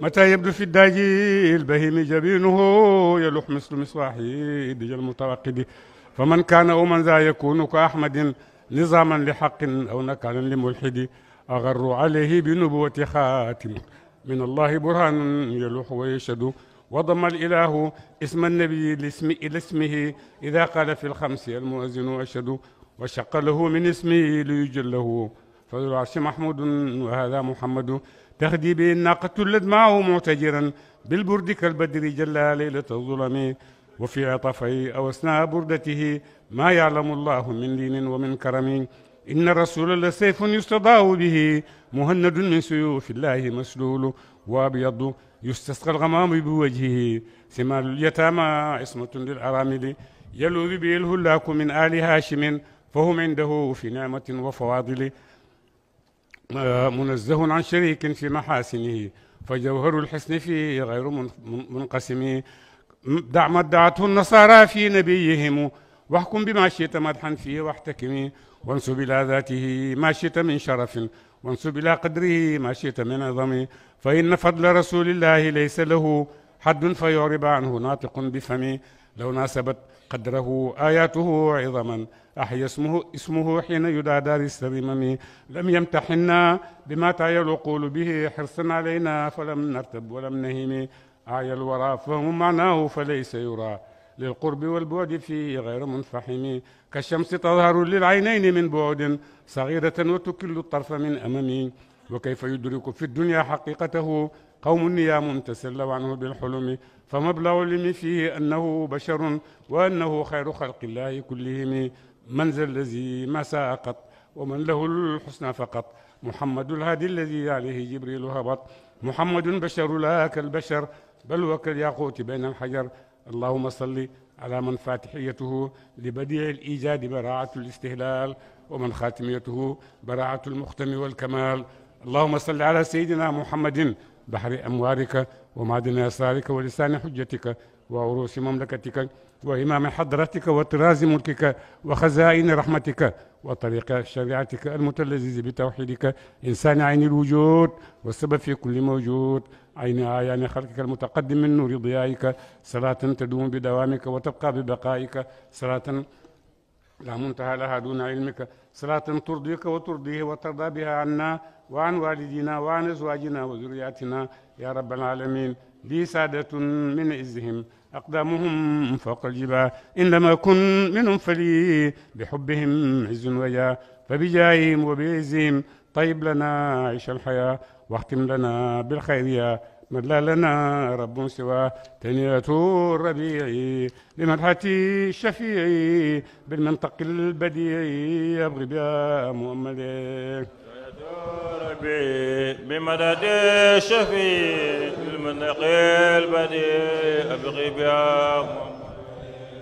متى يبدو في الداجي البهيم جبينه يلوح مثل مصباحي دج المتوقد فمن كان أو من ذا يكون كأحمد نظاما لحق أو نكالا لملحد أغر عليه بنبوة خاتم من الله برهان يلوح ويشهد وضم الإله اسم النبي لاسم إلى اسمه إذا قال في الخمس المؤذن أشهد وشق له من اسمه ليجله فذو العرش محمود وهذا محمد تخدي بإن قد معه معتجرا بالبرد كالبدر جلى ليلة الظلم وفي عطفه أو أثناء بردته ما يعلم الله من دين ومن كرم إن الرسول لسيف يستضاء به مهند من سيوف الله مسلول وأبيض يستسقى الغمام بوجهه ثمال اليتامى عصمة للأرامل يلوذ به الهلاك من آل هاشم فهم عنده في نعمة وفواضل آه، منزه عن شريك في محاسنه فجوهر الحسن فيه غير منقسم دع ما ادعته النصارى في نبيهم واحكم بما شئت مدحا فيه واحتكم وانسب إلى ذاته ما شئت من شرف وانسب إلى قدره ما شئت من عظم فإن فضل رسول الله ليس له حد فيعرب عنه ناطق بفم لو ناسبت قدره آياته عظما أحيا اسمه, اسمه حين يدادى للسمم لم يمتحنا بما تعي العقول به حرصا علينا فلم نرتب ولم نهم أعيا الورى فهم معناه فليس يرى للقرب والبعد فيه غير منفحم كالشمس تظهر للعينين من بعد صغيرة وتكل الطرف من أمم وكيف يدرك في الدنيا حقيقته قوم نيام تسلوا عنه بالحلم فمبلغ العلم فيه أنه بشر وأنه خير خلق الله كلهم من ذا الذي ما ساقط ومن له الحسنى فقط محمد الهادي الذي عليه جبريل هبط محمد بشر لا كالبشر بل وكالياقوت بين الحجر اللهم صل على من فاتحيته لبديع الإيجاد براعة الاستهلال ومن خاتميته براعة المختم والكمال اللهم صل على سيدنا محمد بحر أموارك ومعدن أسرارك ولسان حجتك وعروس مملكتك وإمام حضرتك وطراز ملكك وخزائن رحمتك وطريق شريعتك المتلذذ بتوحيدك إنسان عين الوجود والسبب في كل موجود عين أعيان خلقك المتقدم من نور ضيائك صلاة تدوم بدوامك وتبقى ببقائك صلاة لا منتهى لها دون علمك صلاة ترضيك وترضيه وترضى بها عنا وعن والدينا وعن أزواجنا وذرياتنا يا رب العالمين لي سادة من عزهم أقدامهم فوق الجبال إنما كن منهم فلي بحبهم عز وجاه فبجاههم وبعزهم طيب لنا عيش الحياة واختم لنا بالخير يا من لا لنا رب سوى تنية الربيع بمدحة الشفيع بالمنطق البديع يبغي بها محمد يا ربي بمدد الشفيع المنقي البديع ابغي بها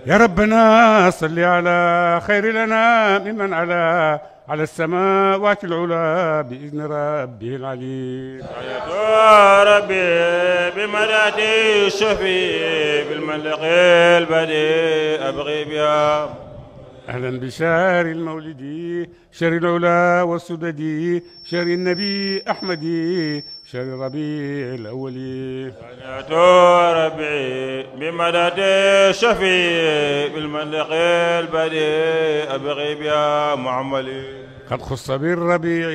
يا ربنا صل على خير لنا ممن على على السماوات العلى بإذن ربه العليم يا ربي بمدد الشفيع بالملك البديع أبغي بها أهلا بشهر المولد شهر العلا والسدد شهر النبي احمد شهر الربيع الاول صلاة ربي بمدد الشفيع بالملك البديع أبغي بها معملي قد خص بالربيع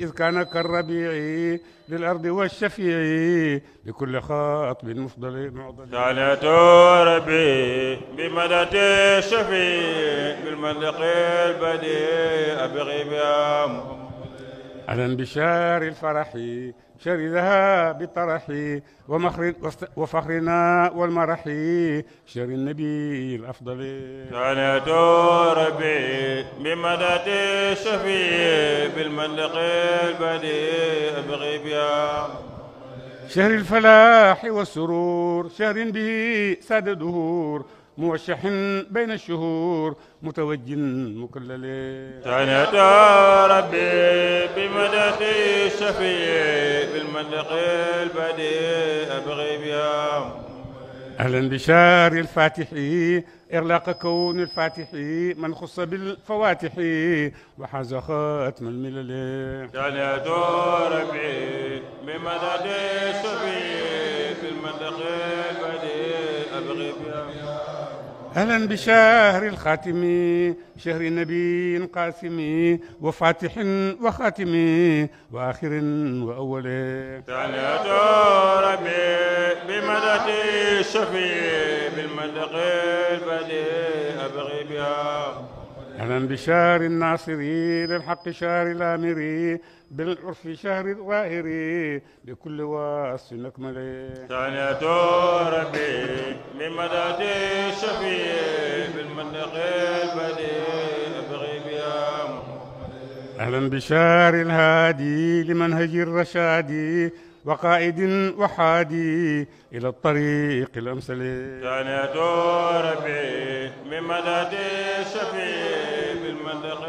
إذ كان كالربيع للأرض والشفيع لكل خاطب مفضل معضل تعالى ربي بمدد الشفيع بالمنطق البديع أبغي بها محمد أهلا بشار الفرح شردها بطرحي ومخر وفخرنا والمرح شر النبي الأفضل ثنيت ربي بمدد الشفيع بالمنطق البديع بغيبيا شهر الفلاح والسرور شهر به ساد دهور موشح بين الشهور متوج مكلل تعنت ربي بمدد الشفيع بالمنطق البديع أبغي بها أهلا بشار الفاتحي إغلاق كون الفاتحي من خص بالفواتح وحاز خاتم الملل تعنت ربي بمدد الشفيع المنطق البديع أهلا بشهر الخاتم شهر نبي قاسم وفاتح وخاتم وآخر وأول تعالى ربي بمدد الشفيع بالمدق البديع أبغي بها أهلا بشهر الناصري للحق شهر الآمري بالعرف شهر الظاهري بكل واس نكمل ثانية ربي لمدد الشفيع بالمنطق البديع أهلا بشار الهادي لمنهج الرشادي وقائد وحادي إلى الطريق الأمثل يا ربي من مدد الشفيع بالمنطق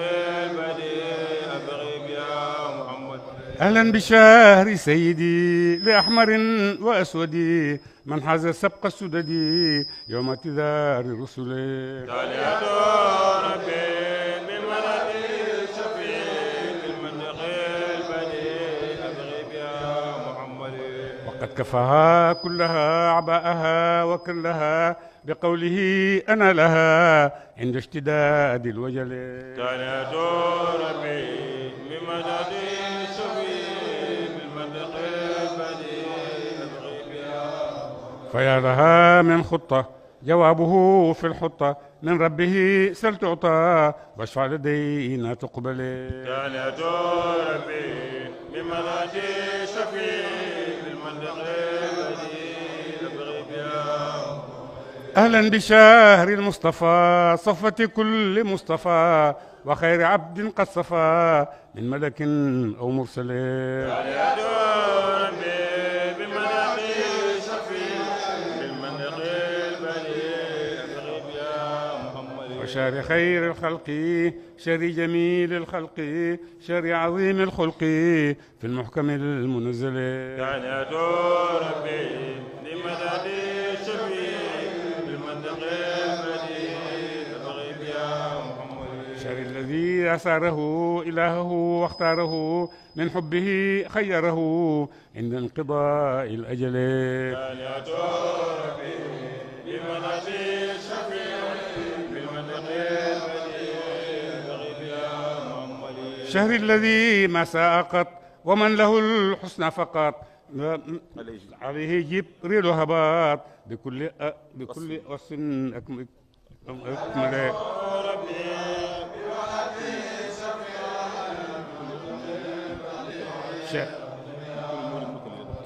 البديع أبغي يا محمد أهلا بشهر سيدي لأحمر وأسود من حاز سبق السدد يوم اعتذار الرسل يا ربي كفها كلها عباءها وكلها بقوله أنا لها عند اشتداد الوجل كان ربي بمدد فيا لها من خطة جوابه في الحطة من ربه سل تعطى واشفع لدينا تقبل كان ربي بمدد سبيل أهلا بشهر المصطفى صفة كل مصطفى وخير عبد قد صفى من ملك أو مرسل شر خير الخلق شر جميل الخلق شر عظيم الخلق في المحكم المنزل يعني دعنا ربي لمدد الشفيع بالمنطق البديع الغيب يا محمد شر الذي أساره إلهه واختاره من حبه خيره عند انقضاء الأجل يعني دعنا ربي لمدد الشهر الذي ما ساقط ومن له الحسنى فقط عليه جبريل وهبات بكل بكل وصن أكمل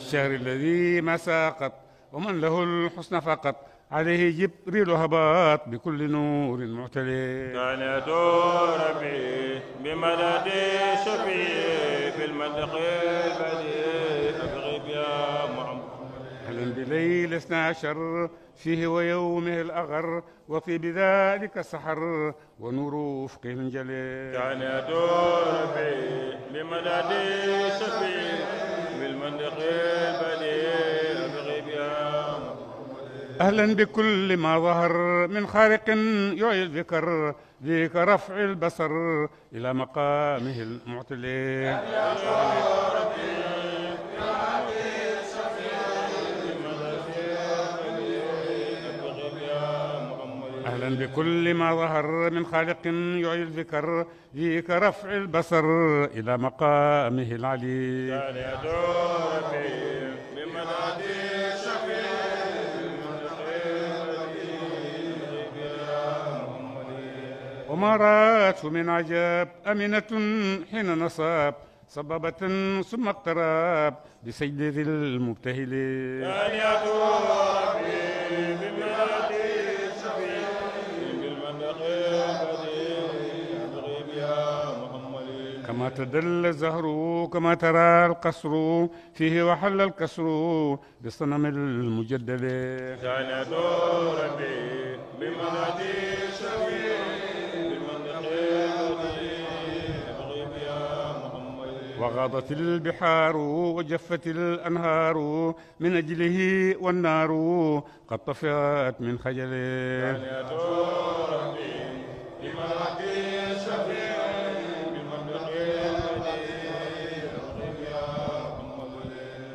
الشهر الذي ما ساقط ومن له الحسنى فقط عليه جبريل هبط بكل نور معتلي كان ربي بمدد شفي في المنطق البديع أبغب يا محمد أهلا بليل اثنا عشر فيه ويومه الأغر وفي بذلك السحر ونور أفقه انجلي كان ربي بمدد شفي في المنطق البديع أهلا بكل ما ظهر من خارق يعي الذكر ذيك رفع البصر إلى مقامه المعتلي أهلا بكل ما ظهر من خالق يعي الذكر ذيك رفع البصر إلى مقامه العلي يا ربي من عديد وما راته من عجاب أمنة حين نصاب صبابة ثم اقتراب بسجد ذي المبتهل محمد كما تدل الزهر كما ترى القصر فيه وحل الكسر بالصنم المجدد ثانية ربي بمنة وغاضت البحار وجفت الأنهار من أجله والنار قد طفئت من خجله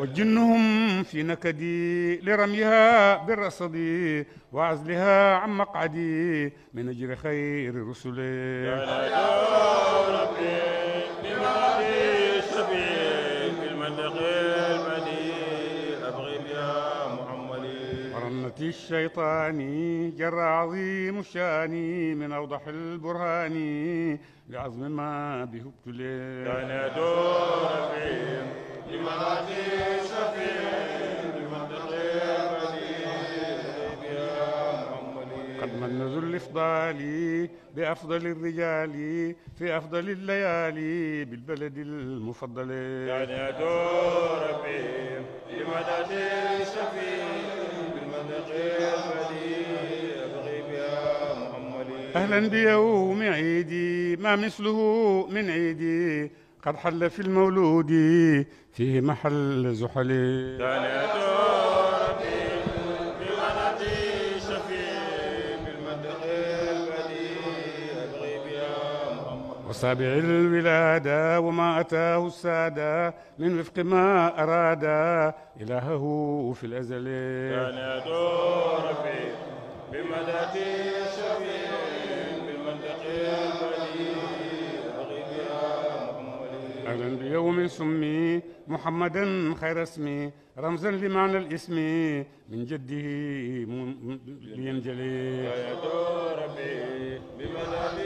وجنهم في نكدي لرميها بالرصد وعزلها عن مقعدي من اجل خير رسله الشيطاني جر عظيم شاني من أوضح البرهان لعظم ما به ابتلي كان دور فيهم لمرات شفيع لمنطق قد منذ بأفضل الرجال في أفضل الليالي بالبلد المفضل كان دور فيهم لمدد شفيع أهلا بيوم عيدي ما مثله من عيدي قد حل في المولود فيه محل زحلي وصابع الولادة وما أتاه السادة من وفق ما أراد إلهه في الأزل كان ربي بمدد الشفيع بالمنطق أهلا بيوم سمي محمدا خير اسمي رمزا لمعنى الاسم من جده لينجلي يا ربي بمدد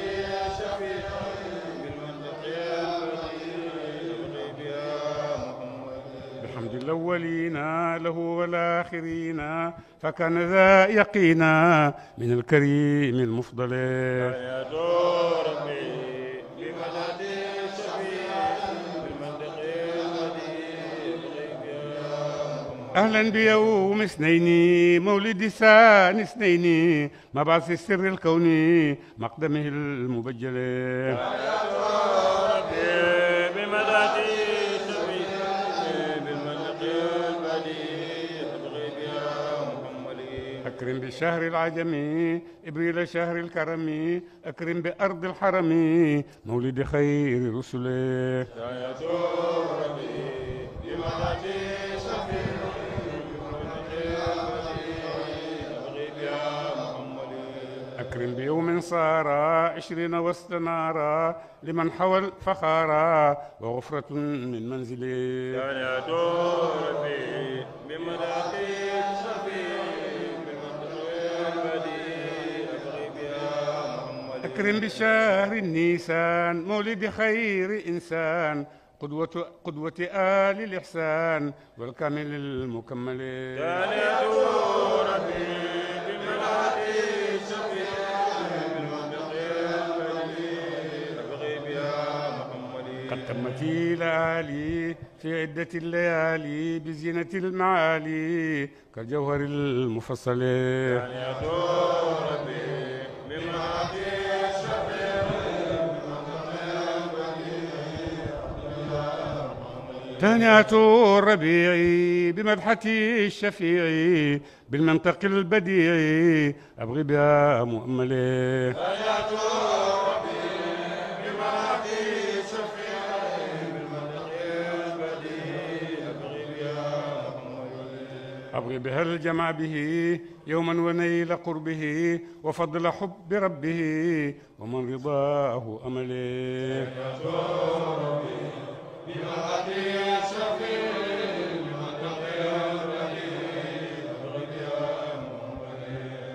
الأولين له والآخرين فكان ذا يقينا من الكريم المفضل أهلا بيوم اثنين مولد سان اثنين مبعث السر الكوني مقدمه المبجل أكرم بشهر العجمي إبريل شهر الكرم أكرم بأرض الحرم مولد خير رسله يا أكرم بيوم صار عشرين وسط نارا لمن حوى فخارا وغفرة من منزلي يا ربي بمراقي شفيع بكر بشهر نيسان مولد خير إنسان قدوة قدوة آل الإحسان والكامل المكمل قد تمت ليالي في عدة الليالي بزينة المعالي كالجوهر المفصل يا تهنئة الربيع بمدحة الشفيع بالمنطق البديع أبغي بها مؤملة تهنئة الربيع بمدحة الشفيع بالمنطق البديع أبغي بها مؤملة أبغي بها الجمع به يوما ونيل قربه وفضل حب ربه ومن رضاه أمله تهنئة الربيع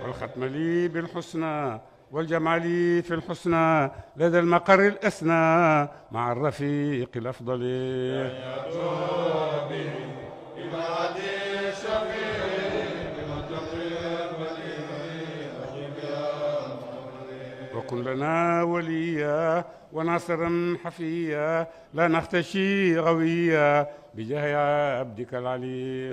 والختم لي بالحسنى والجمال في الحسنى لدى المقر الأسنى مع الرفيق الأفضل كن لنا وليا وناصرا حفيا لا نختشي غويا بجاه عبدك العلي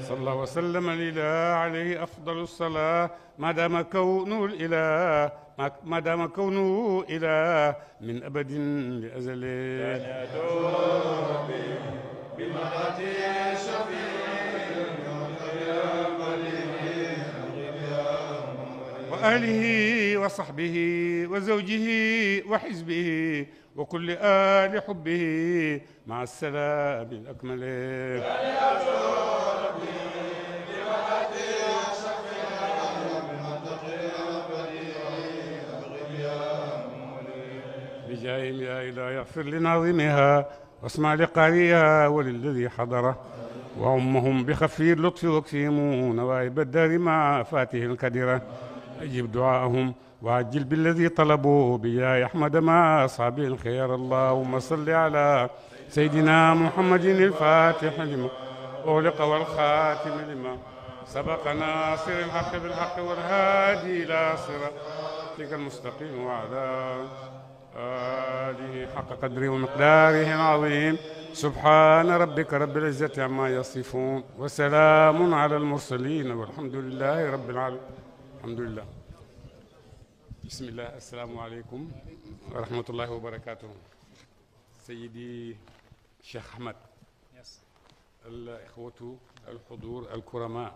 صلى الله وسلم الإله عليه أفضل الصلاة ما دام كون الإله ما دام كونه إله من أبد لأزل وأهله وصحبه وزوجه وحزبه وكل آل حبه مع السلام الأكمل. ربي العجائب يا إلهي اغفر لناظمها واسمع لقارئها وللذي حضره وأمهم بخفي اللطف واكفهم نوائب الدار مع فاته الكدرة أجب دعاءهم وعجل بالذي طلبوه بجاه أحمد مع أصحاب الخير اللهم صل على سيدنا محمد الفاتح لما أغلق والخاتم لما سبق ناصر الحق بالحق والهادي إلى صراطك المستقيم وعلى آله حق قدره ومقداره العظيم سبحان ربك رب العزة عما يصفون وسلام على المرسلين والحمد لله رب العالمين الحمد لله بسم الله السلام عليكم ورحمة الله وبركاته سيدي الشيخ أحمد الإخوة الحضور الكرماء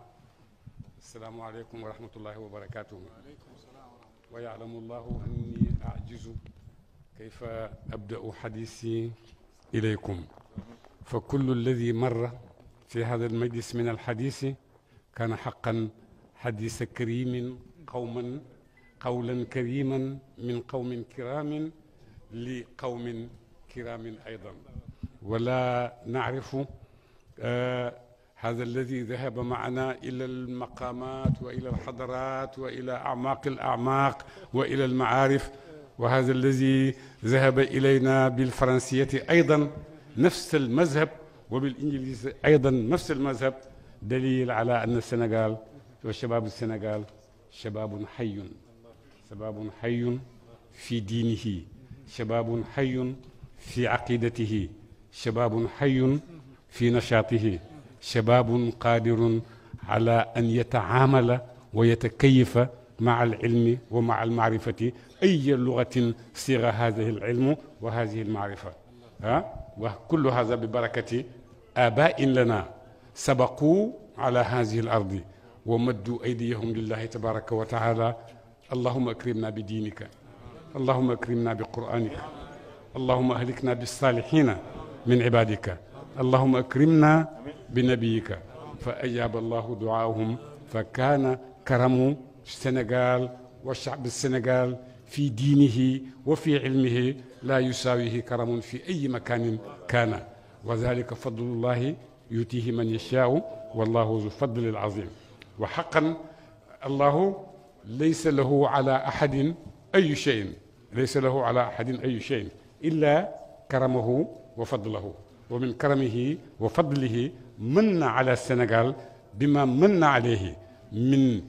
السلام عليكم ورحمة الله وبركاته ويعلم الله أني أعجز كيف أبدأ حديثي إليكم فكل الذي مر في هذا المجلس من الحديث كان حقا حديث كريم قوما قولا كريما من قوم كرام لقوم كرام أيضا ولا نعرف آه هذا الذي ذهب معنا إلى المقامات وإلى الحضرات وإلى أعماق الأعماق وإلى المعارف وهذا الذي ذهب إلينا بالفرنسية أيضا نفس المذهب وبالإنجليزية أيضا نفس المذهب دليل على أن السنغال وشباب السنغال شباب حي شباب حي في دينه شباب حي في عقيدته شباب حي في نشاطه شباب قادر على أن يتعامل ويتكيف مع العلم ومع المعرفة أي لغة صيغ هذه العلم وهذه المعرفة ها وكل هذا ببركة آباء لنا سبقوا على هذه الأرض ومدوا أيديهم لله تبارك وتعالى اللهم أكرمنا بدينك اللهم أكرمنا بقرآنك اللهم أهلكنا بالصالحين من عبادك اللهم أكرمنا بنبيك فأجاب الله دعاهم فكان كرم السنغال وشعب السنغال في دينه وفي علمه لا يساويه كرم في أي مكان كان وذلك فضل الله يؤتيه من يشاء والله ذو الفضل العظيم وحقا الله ليس له على أحد أي شيء ليس له على أحد أي شيء إلا كرمه وفضله ومن كرمه وفضله من على السنغال بما من عليه من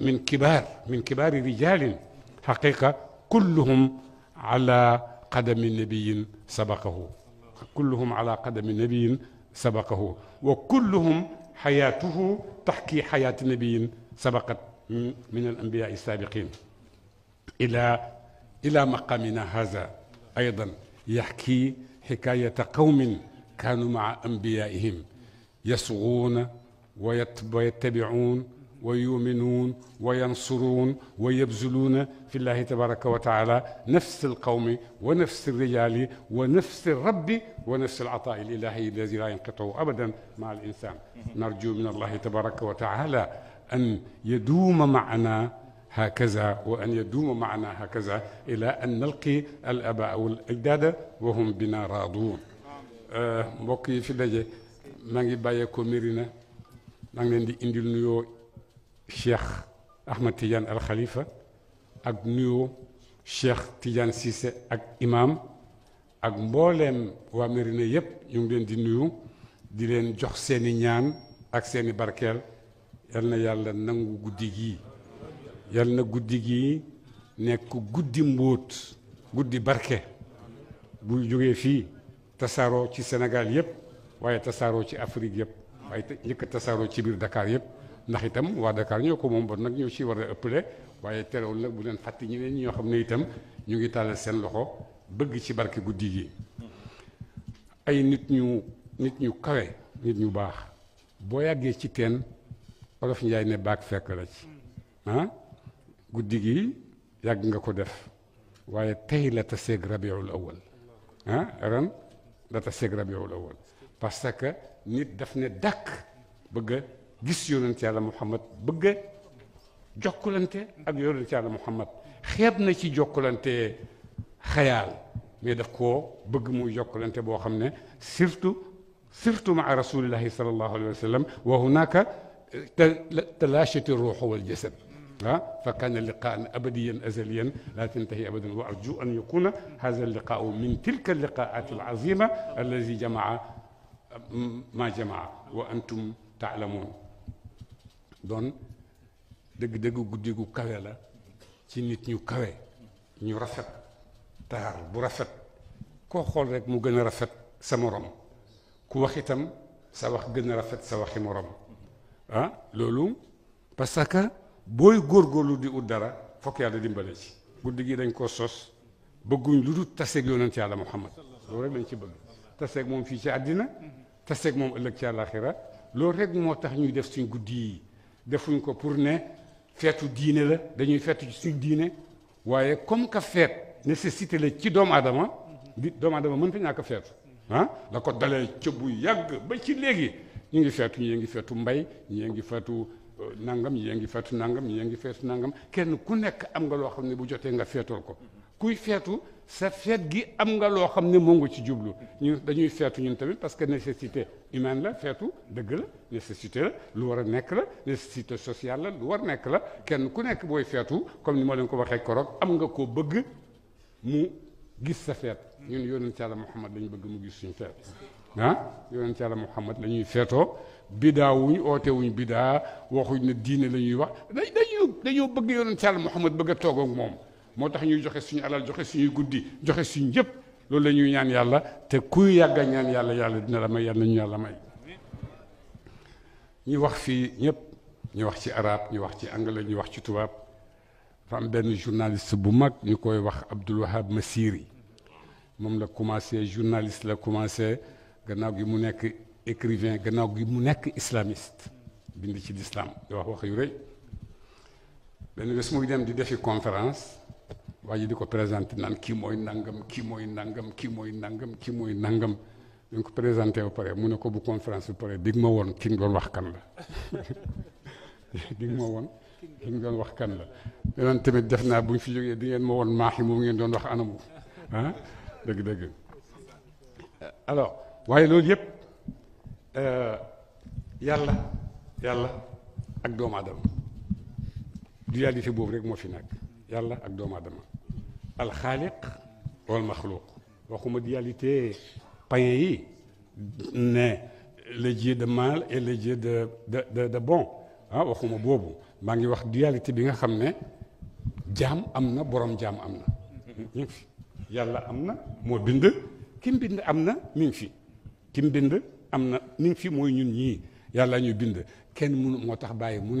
من كبار من كبار رجال حقيقة كلهم على قدم نبي سبقه كلهم على قدم نبي سبقه وكلهم حياته تحكي حياة نبي سبقت من الأنبياء السابقين إلى إلى مقامنا هذا أيضا يحكي حكاية قوم كانوا مع أنبيائهم يصغون ويتبعون ويؤمنون وينصرون ويبذلون في الله تبارك وتعالى نفس القوم ونفس الرجال ونفس الرب ونفس العطاء الالهي الذي لا ينقطع ابدا مع الانسان نرجو من الله تبارك وتعالى ان يدوم معنا هكذا وان يدوم معنا هكذا الى ان نلقي الاباء والاجداد وهم بنا راضون mbokk آه، yi في دجي ماغي بايكو ميرينا ماغي maa اندي نيو cheikh Ahmad Tidiane alxalifa ak nuyoo cheikh Tidiane Cissé ak imam ak mbooleem waa Mérina yépp ñu ngi leen di nuyu di leen jox seeni ñaan ak seeni barkeel yal na yàlla nangu guddi gii yal na guddi gii nekk guddi mbóot guddi barke buy jógee fii tasaaroo ci senegaal yépp waaye tasaaroo ci Afrique yépp waaye njëkk tasaaroo ci biir dakaar yépp ndax itam waa Dakar ñoo ko moom bon nag ñoo ci war a ëppale waaye terewul nag bu leen fàtte ñeneen ñoo xam ne itam ñu ngi tàllal seen loxo bëgg ci barke guddi gi ay nit ñu nit ñu kawe nit ñu baax boo yàggee ci teen olof njaay ne baag fekk la ci ah? guddi gi yàgg nga ko def waaye tey la taseeg rabiul awal ah, ren la taseeg rabiul awal parce que nit daf ne dàkk bëgg gis yonent yàlla muhammad bëgga jokkalante ak yonent yàlla muhammad xeb na ci jokkalante xayaal mais daf ko bëgg muy jokkalante bo xamne surtout surtout ma rasulullah sallallahu alayhi wasallam wa hunaka تلاشت الروح والجسد ها فكان اللقاء ابديا ازليا لا تنتهي ابدا وارجو ان يكون هذا اللقاء من تلك اللقاءات العظيمه الذي جمع ما جمع وانتم تعلمون don deug deug guddi gu kawe la ci nit ñu kawe ñu rafet taar bu rafet ko xol rek mu gëna rafet sa morom ku wax itam sa wax gëna rafet sa waxi morom ha lolu parce que booy góorgóorlu di ud dara fokk yàlla dimbale ci guddi gi dañ ko sos bëgguñ lu dul taseeg yonent yàlla Muhammad lolu rek lañ ci bëgg taseeg mom fi ci àddina taseeg mom ëlëk ci àllaaxira lolu rek moo tax ñuy def suñ guddi yi defuñ ko pour ne feetu diine la dañuy feetu si suñ diine waaye comme que feet nécessité la ci doomu aadama di doomu adama mën ta ñàkk feetu ah la ko dalee ca bu yàgg ba ci léegi ñu ngi feetu ñi ngi feetu mbay ñi euh, ngi feetu nangam ñi ngi feetu nangam ñi ngi feetu nangam kenn ku nekk am nga loo xam ne bu jotee nga feetool ko kuy feetu sa feet gi am nga lo xam mo moo ci djublu ñu dañuy fétu ñun tamit parce que nécessité humaine la fétu deug la nécessité la lu wara a nekk la nécessité sociale la lu war nekk la kenn ku nekk boy fétu comme ni mo leen ko waxee koroog am nga ko bëgg mu gis sa feet ñun yonent yàlla Muhammad lañu bëgg mu gis suñu feet ah yonent yàlla Muhammad lañuy ñuy bida wuñ oote wuñ bida waxuñ ne diine la wax dañu dañu bëgg yonent yàlla Muhammad bëgg togo ak mom motax ñuy joxe suñu alal joxe suñu guddi joxe suñu yëpp loolu la ñuy ñaan yàlla te ku yàgg ñaan yàlla yàlla dina la may yàlla ñu yàlla may ñi wax fii ñëpp ñu wax ci arab ñu wax ci anglais ñu wax ci tubaab fa am benn journaliste bu mag ñu koy wax abdul Wahab Masiri moom la commencé journaliste la commencé gannaaw gi mu nekk écrivain gannaaw gi mu nekk islamiste bind ci l'islam di wax wax yu rëy benn bés muy dem di defi conférence waa ji di ko présenté naan kii mooy nangam kii mooy nangam kii mooy nangam kii mooy nangam ñu présenté ba pare mu ne ko bu conférence bi pare ma woon ki nga doon wax kan la dig ma woon ki doon wax kan la tamit def naa bu ñu jógee di ngeen ma woon maax yi moom doon wax anamu ah dëgg waaye loolu yëpp euh, yàlla yàlla ak doomu yi dualité boobu rek moo fi nekk yàlla ak doomu adama الخالق والمخلوق وكما دياليتي بايي ن لجي دو مال اي لجي دو دو بون ها وكما بوبو ماغي واخ دياليتي بيغا خامني جام امنا بروم جام امنا ينفي يالا امنا مو بند كيم بند امنا مينفي كيم بند امنا مينفي مو نين ني يالا نيو بند كين مو موتاخ باي مو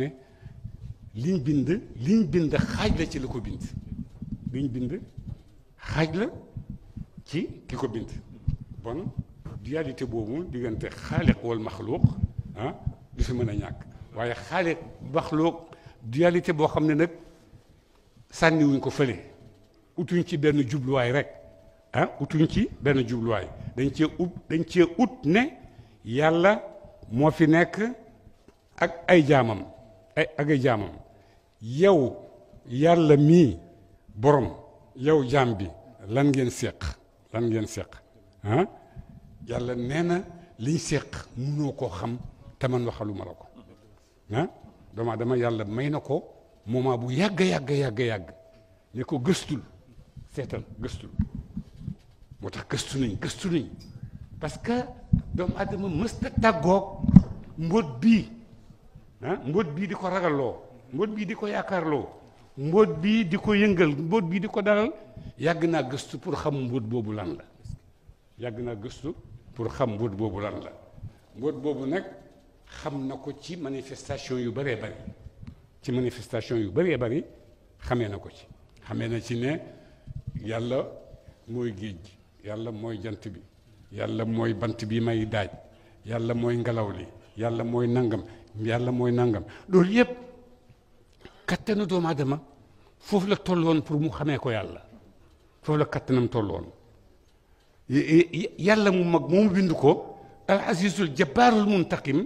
لين بند لين بند خاج لا سي bi ñu bind xaaj la ci ki ko bind bon dualité boobu diggante xaaliq wal maxluuq ah du fi mën a ñàkk waaye xaaliq maxluuq dualité boo xam ne nag sànniwuñ ko fële utuñ ci benn jubluwaay rek ah utuñ ci benn jubluwaay dañ cee ut dañ cee ut ne yàlla moo fi nekk ak ay jaamam ay ak ay jaamam yow yàlla mii borom yow jaam bi lan ngeen séq lan ngeen séq ah yàlla nee na liñ séq munoo koo xam te man waxaluma la ko ah doomu aadama yàlla may na ko moment bu yàgg yàgg yàgg yàgg ne ko gëstul seetal gëstul moo tax gëstu nañ gëstu nañ parce que doomu aadama mësta tàggoog mbóot bii mbóot bii di ko ragalloo mbóot bii di ko yaakaarloo mbóot bii di ko yëngal mbóot bii di ko dalal yàgg naa gëstu pour xam mbóot boobu lan la yàgg naa gëstu pour xam mbóot boobu lan la mbóot boobu nag xam na ko ci manifestation yu bëree bëri ci manifestation yu bëree bari xamee na ko ci xamee na ci ne yàlla mooy géej yàlla mooy jant bi yàlla mooy bant bi may daaj yàlla mooy ngelaw li yàlla mooy nangam yàlla mooy nangam loolu yépp كاتنا دوم عدما فوف لك تولون فور مو خمي كو يالا فوف لك كاتنا تولون يالا مو مك مو بندكو العزيز الجبار المنتقم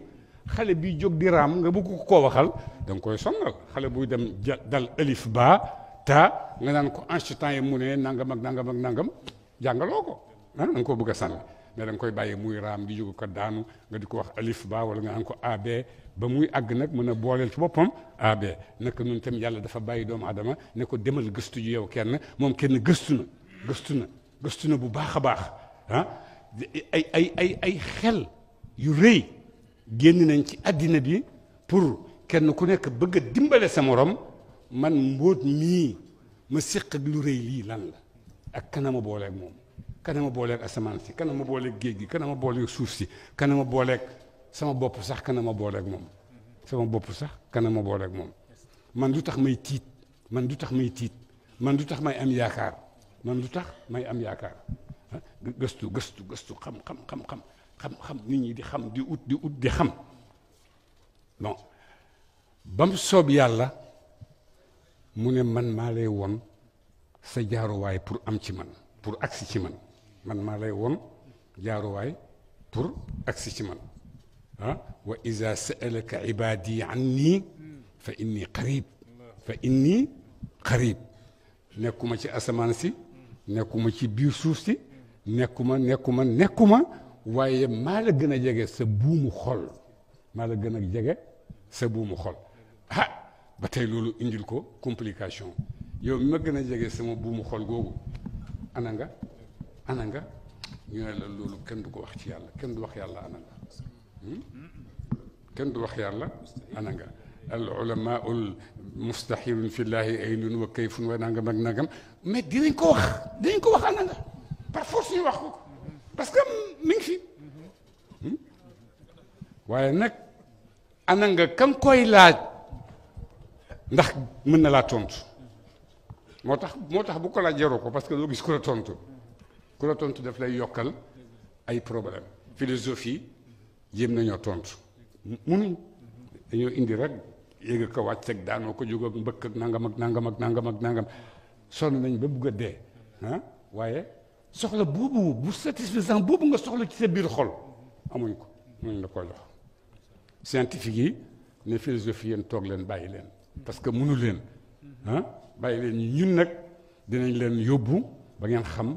خالي بي جوك دي رام غا بوكو كو واخال دان كوي سونال خالي بو دم دال الف با تا غا نان كو انشتاين موني نانغا مك نانغا مك نانغام جانغالوكو ها نكو بوغا سانال mais da koy bàyyi muy raam di jóg ko daanu nga di ko wax alif ba wala nga naan ko ab ba muy àgg nag mën a booleel ci boppam ab naka noonu tam yàlla dafa bàyyi doomu adama ne ko demal gëstu ji yow kenn moom kenn gëstu na gëstu na gëstu na bu baax a baax ah ay ay xel yu rëy génn nañ ci àddina bi pour kenn ku nekk bëgg dimbale sa morom man mbóot mii ma séq lu rëy lii lan la ak kanama booleeg moom kana ma booleeg asamaan si kana ma booleeg géej gi kana ma booleeg suuf si kana booleek sama bopp sax kana ma booleeg moom sama bopp sax kana ma booleeg moom man lu tax may tiit man lu tax may tiit man lu tax may am yaakaar man lu tax may am yaakaar gëstu gëstu gëstu xam xam xam xam xam xam nit ñi di xam di ut di ut di xam bon ba mu soob yàlla mu ne man maa lay won sa jaaruwaay pour am ci man pour agsi ci man man maa lay won jaaruwaay pour agsi ci man ah wa ida saalaka ibaadi anni fa inni qarib fa inni qarib nekkuma ci asamaan si nekkuma ci biir suuf si nekkuma nekkuma nekkuma waaye maa la gën a jege sa buumu xol maa la gën a jege sa buumu xol ah ba tey loolu indil ko complication yow mi ma gën a jege sama buumu xol googu ana nga ana nga ñu ne la loolu kenn du ko wax ci yàlla kenn العلماء المستحيل في الله اين وكيف ونانغ ماك نانغام مي دي نكو واخ دي نكو واخ انانغا بار فورس ني واخ كوكو باسكو مين في واي نك انانغا كان كوي لاج من لا تونت موتا موتاخ بوكو لاج يروكو باسكو لو غيس كو تونتو ku la tontu daf lay yokkal ay problème philosophie jéem nañoo tontu munuñ dañoo indi rek yéeg ko wàcc teg daanoo ko jóg ak mbëkk ak nangam ak nangam ak nangam ak nangam sonn nañ ba bugg a dee ah waaye soxla boobu bu satisfaisant boobu nga soxla ci sa biir xol amuñ ko munuñ la koo jox scientifique yi ne philosophie yéen toog leen bàyyi leen parce que munu leen ah bàyyi leen ñun nag dinañ leen yóbbu ba ngeen xam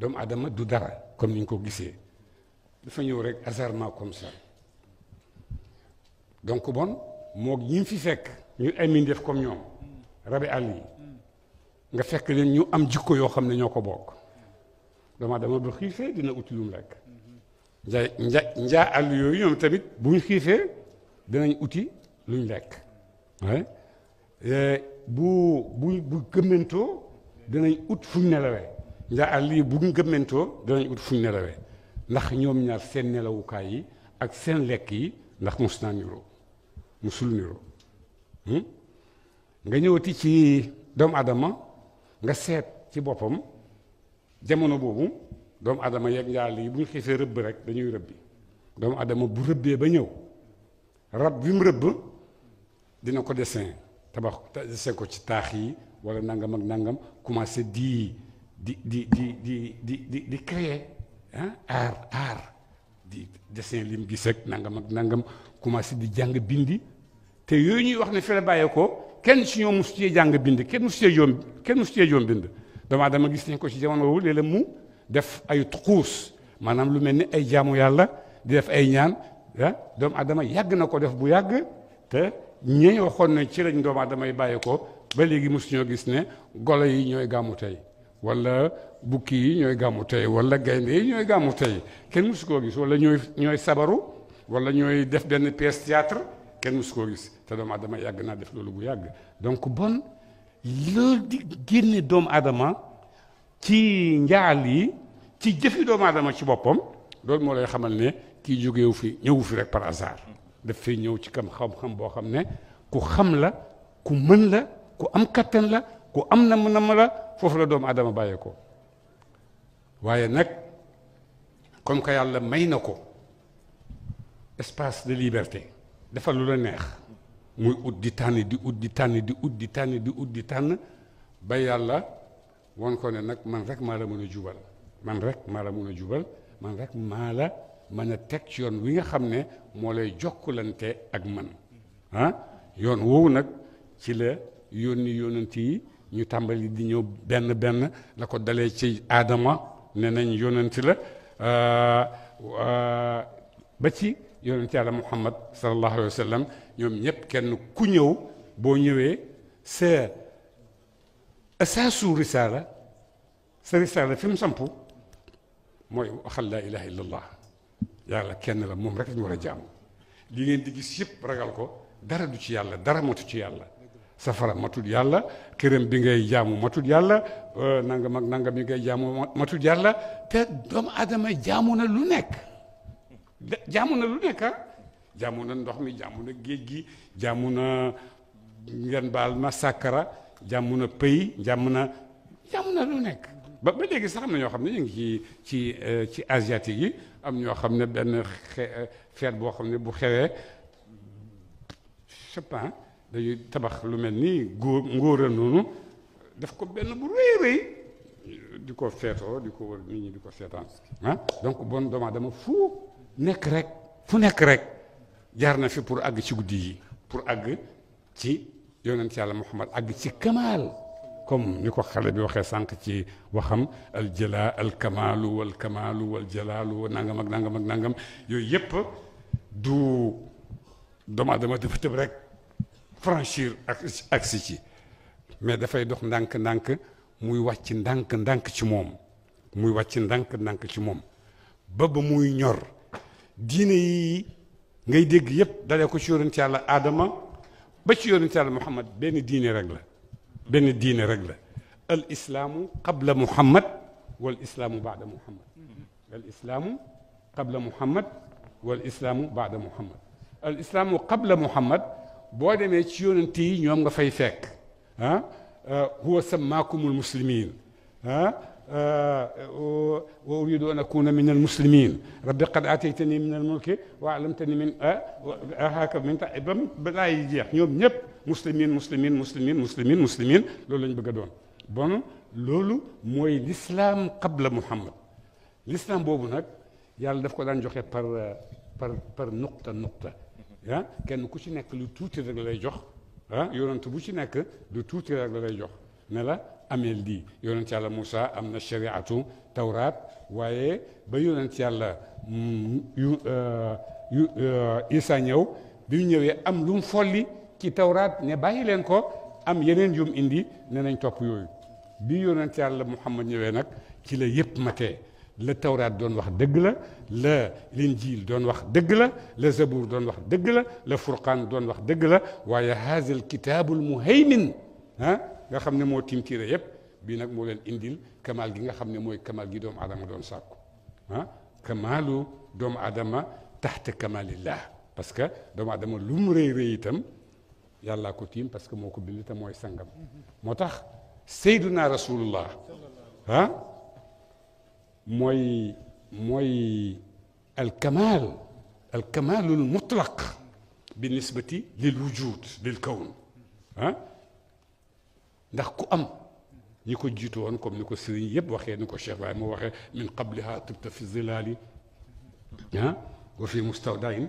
Donc, adama du comme une coquille, ko gisee dafa ñëw rek hasardement comme ça donc bon moo ñi fi fekk ñu comme ñoom rabi Ali, yi nga fekk leen ñu am jikko yoo xam ne ñoo ko bokk doomu bu xiifee dina uti rek njaa njaa njaa àll yooyu tamit bu ñu ndaa àll yi bu ñu gëmmentoo ut fu ñu nelawee ndax ñoom ñaar seen nelawukaay yi ak seen lekk yi ndax mos naa niroo musul niroo hmm? nga ñëwati ci doomu adama nga seet ci boppam jamono boobu doomu adama yeeg njaal yi bu ñu xiifee rëbb rek dañuy rëbbi doomu adama bu rëbbee ba ñëw rab bi mu rëbb dina ko dessin tabax dessin ko ci taax yi wala nangam ak nangam commencé di di di di di di di di créer ah aar aar di dessin lim gis ak nangam ak nangam commencé di jàng bindi te yooyu ñuy wax ne fi la bàyyeekoo kenn si ñoom mosu cee jàng bind kenn mosu cee yoom kenn mosu cee yoom bind dama dama gis nañ ko ci jamono woowu léeg mu def ay xuus maanaam lu mel ni ay jaamu yàlla di def ay ñaan ah doomu adama yàgg na ko def bu yàgg te ñee waxoon ne ci lañ doomu adama yi bàyyeekoo ba léegi mosu ñoo gis ne golo yi ñooy gàmmu tey. wala bukki yi ñooy gàmmu tey wala gaynde yi ñooy gàmmu tey kenn musu koo gis wala ñooy ñooy sabaru wala ñooy def benn pièce théâtre kenn musu koo gis te doomu adama yàgg naa def loolu bu yàgg donc bon loolu di génne doomu adama ci njaal yi ci jëfi doomu adama ci boppam loolu moo lay xamal ne kii jógewu fi ñëwu fi rek par hasard def fay ñëw ci kam xam-xam boo xam ne ku xam la ku mën la ku am kattan la ku am na mu namm mala foofu la doomu aadama bàyyee ko waaye nag comme que yàlla may na ko espace de liberté dafa lu la neex muy ut di tànn di ut di tànn di ut di tànn di ut di tànn ba yàlla won ko ne nag man rek maa la mën a jubal man rek maa la mën a jubal man rek maa la mën a teg ci yoon wi nga xam ne moo lay jokkalante ak man ah yoon woowu nag ci la yónni yónnante yi ñu tàmbali di ñëw benn benn la ko dalee ci aadama ne nañ yonanti la ba ci yonanti yàlla muhammad sallallahu alayhi wa sallam ñoom ñëpp kenn ku ñëw boo ñëwee sa asaasu risaala sa risaala fi mu sampu mooy waxal la ilaha illallah yàlla kenn la moom rek ñu war a jaamu li ngeen di gis yëpp ragal ko dara du ci yàlla dara motu ci yàlla safara matul yàlla këram bi ngay jaamu matul yàlla nangam ak nangam bi ngay jaamu matul yàlla te doomu aadama jaamu na lu nekk jaamu na lu nekk ah. jaamu na ndox mi jaamu na géej gi jaamu na ngeen baal ma sàkkara jaamu na pëy jaamu na lu nekk ba ba léegi sax am na ñoo xam ne ñu ngi ci ci euh, ci asiatique yi am ñoo xam ne benn euh, feet boo xam ne bu xewee je sais dañuy tabax lu mel ni góor ngóora noonu daf ko benn bu rëy rëy di ko feetoo di ko wër nit ñi di ko seetaan ah donc bon doomu aadama fu nekk rek fu nekk rek jaar na fi pour àgg ci guddi yi pour àgg ci yonent yàlla Muhammad àgg ci kamaal comme ni ko xale bi waxee sànq ci waxam al jala al kamaalu wal kamaalu wal jalaalu nangam ak nangam ak nangam yooyu yépp du doomu aadama dafa tëb rek franchir ak agsi ci mais dafay dox ndànk-ndànk muy wàcc ndànk-ndànk ci moom muy wàcc ndànk-ndànk ci moom ba ba muy ñor diine yi ngay dégg yépp dalee ko ci yonent yàlla aadama ba ci yonent yàlla muhammad benn diine rek benn diine rek la al islaamu qabla muhammad wal islaamu baada muhammad al islaamu qabla muhammad wal islaamu baada muhammad al islaamu qabla muhammad boo demee ci yonent yi ñoom nga fay fekk ah huwa sammaakumul muslimin ah wa uridu an akuna min almuslimin rabbi qad ataytani min almulki wa alamtani min haka min ta ba ba laay jeex ñoom ñëpp muslimin muslimin muslimin muslimin muslimin loolu lañ bëgg a doon bon loolu mooy l'islam qabla muhammad l'islam boobu nag yàlla daf ko daan joxe par par par nuqta nuqta ah kenn ku ci nekk lu tuuti rek lay jox ah yonent bu ci nekk lu tuuti rek la lay jox ne la ameel lii yonent yàlla Moussa am na shariatu tawraat waaye ba yonent yàlla yu yu Isa ñëw bi mu ñëwee am lu mu folli ci tawraat ne bàyyi leen ko am yeneen yum indi ne nañ topp yooyu bi yonent yàlla Muhammad ñëwee nag ci la yëpp matee la tawraat doon wax dëgg la la linjil doon wax dëgg la la zabour doon wax dëgg la la furqaan doon wax dëgg la waaye haza al kitaabu al muhaymin ah nga xam ne moo timtiire yépp bii nag moo leen indil kamaal gi nga xam ne mooy kamaal gi doomu aadama doon sàkku ah kamaalu doomu aadama taxta kamaalillah parce que doomu aadama lu mu rëy rëy itam yàllaa ko tiim parce que moo ko bind te mooy sangam moo tax sayduna rasulullah ah موي موي الكمال الكمال المطلق بالنسبة للوجود للكون ها كو أم نيكو جيتو كوم نيكو سيرين ييب واخي نيكو شيخ ما واخي من قبلها تبت في الظلال ها وفي مستودعين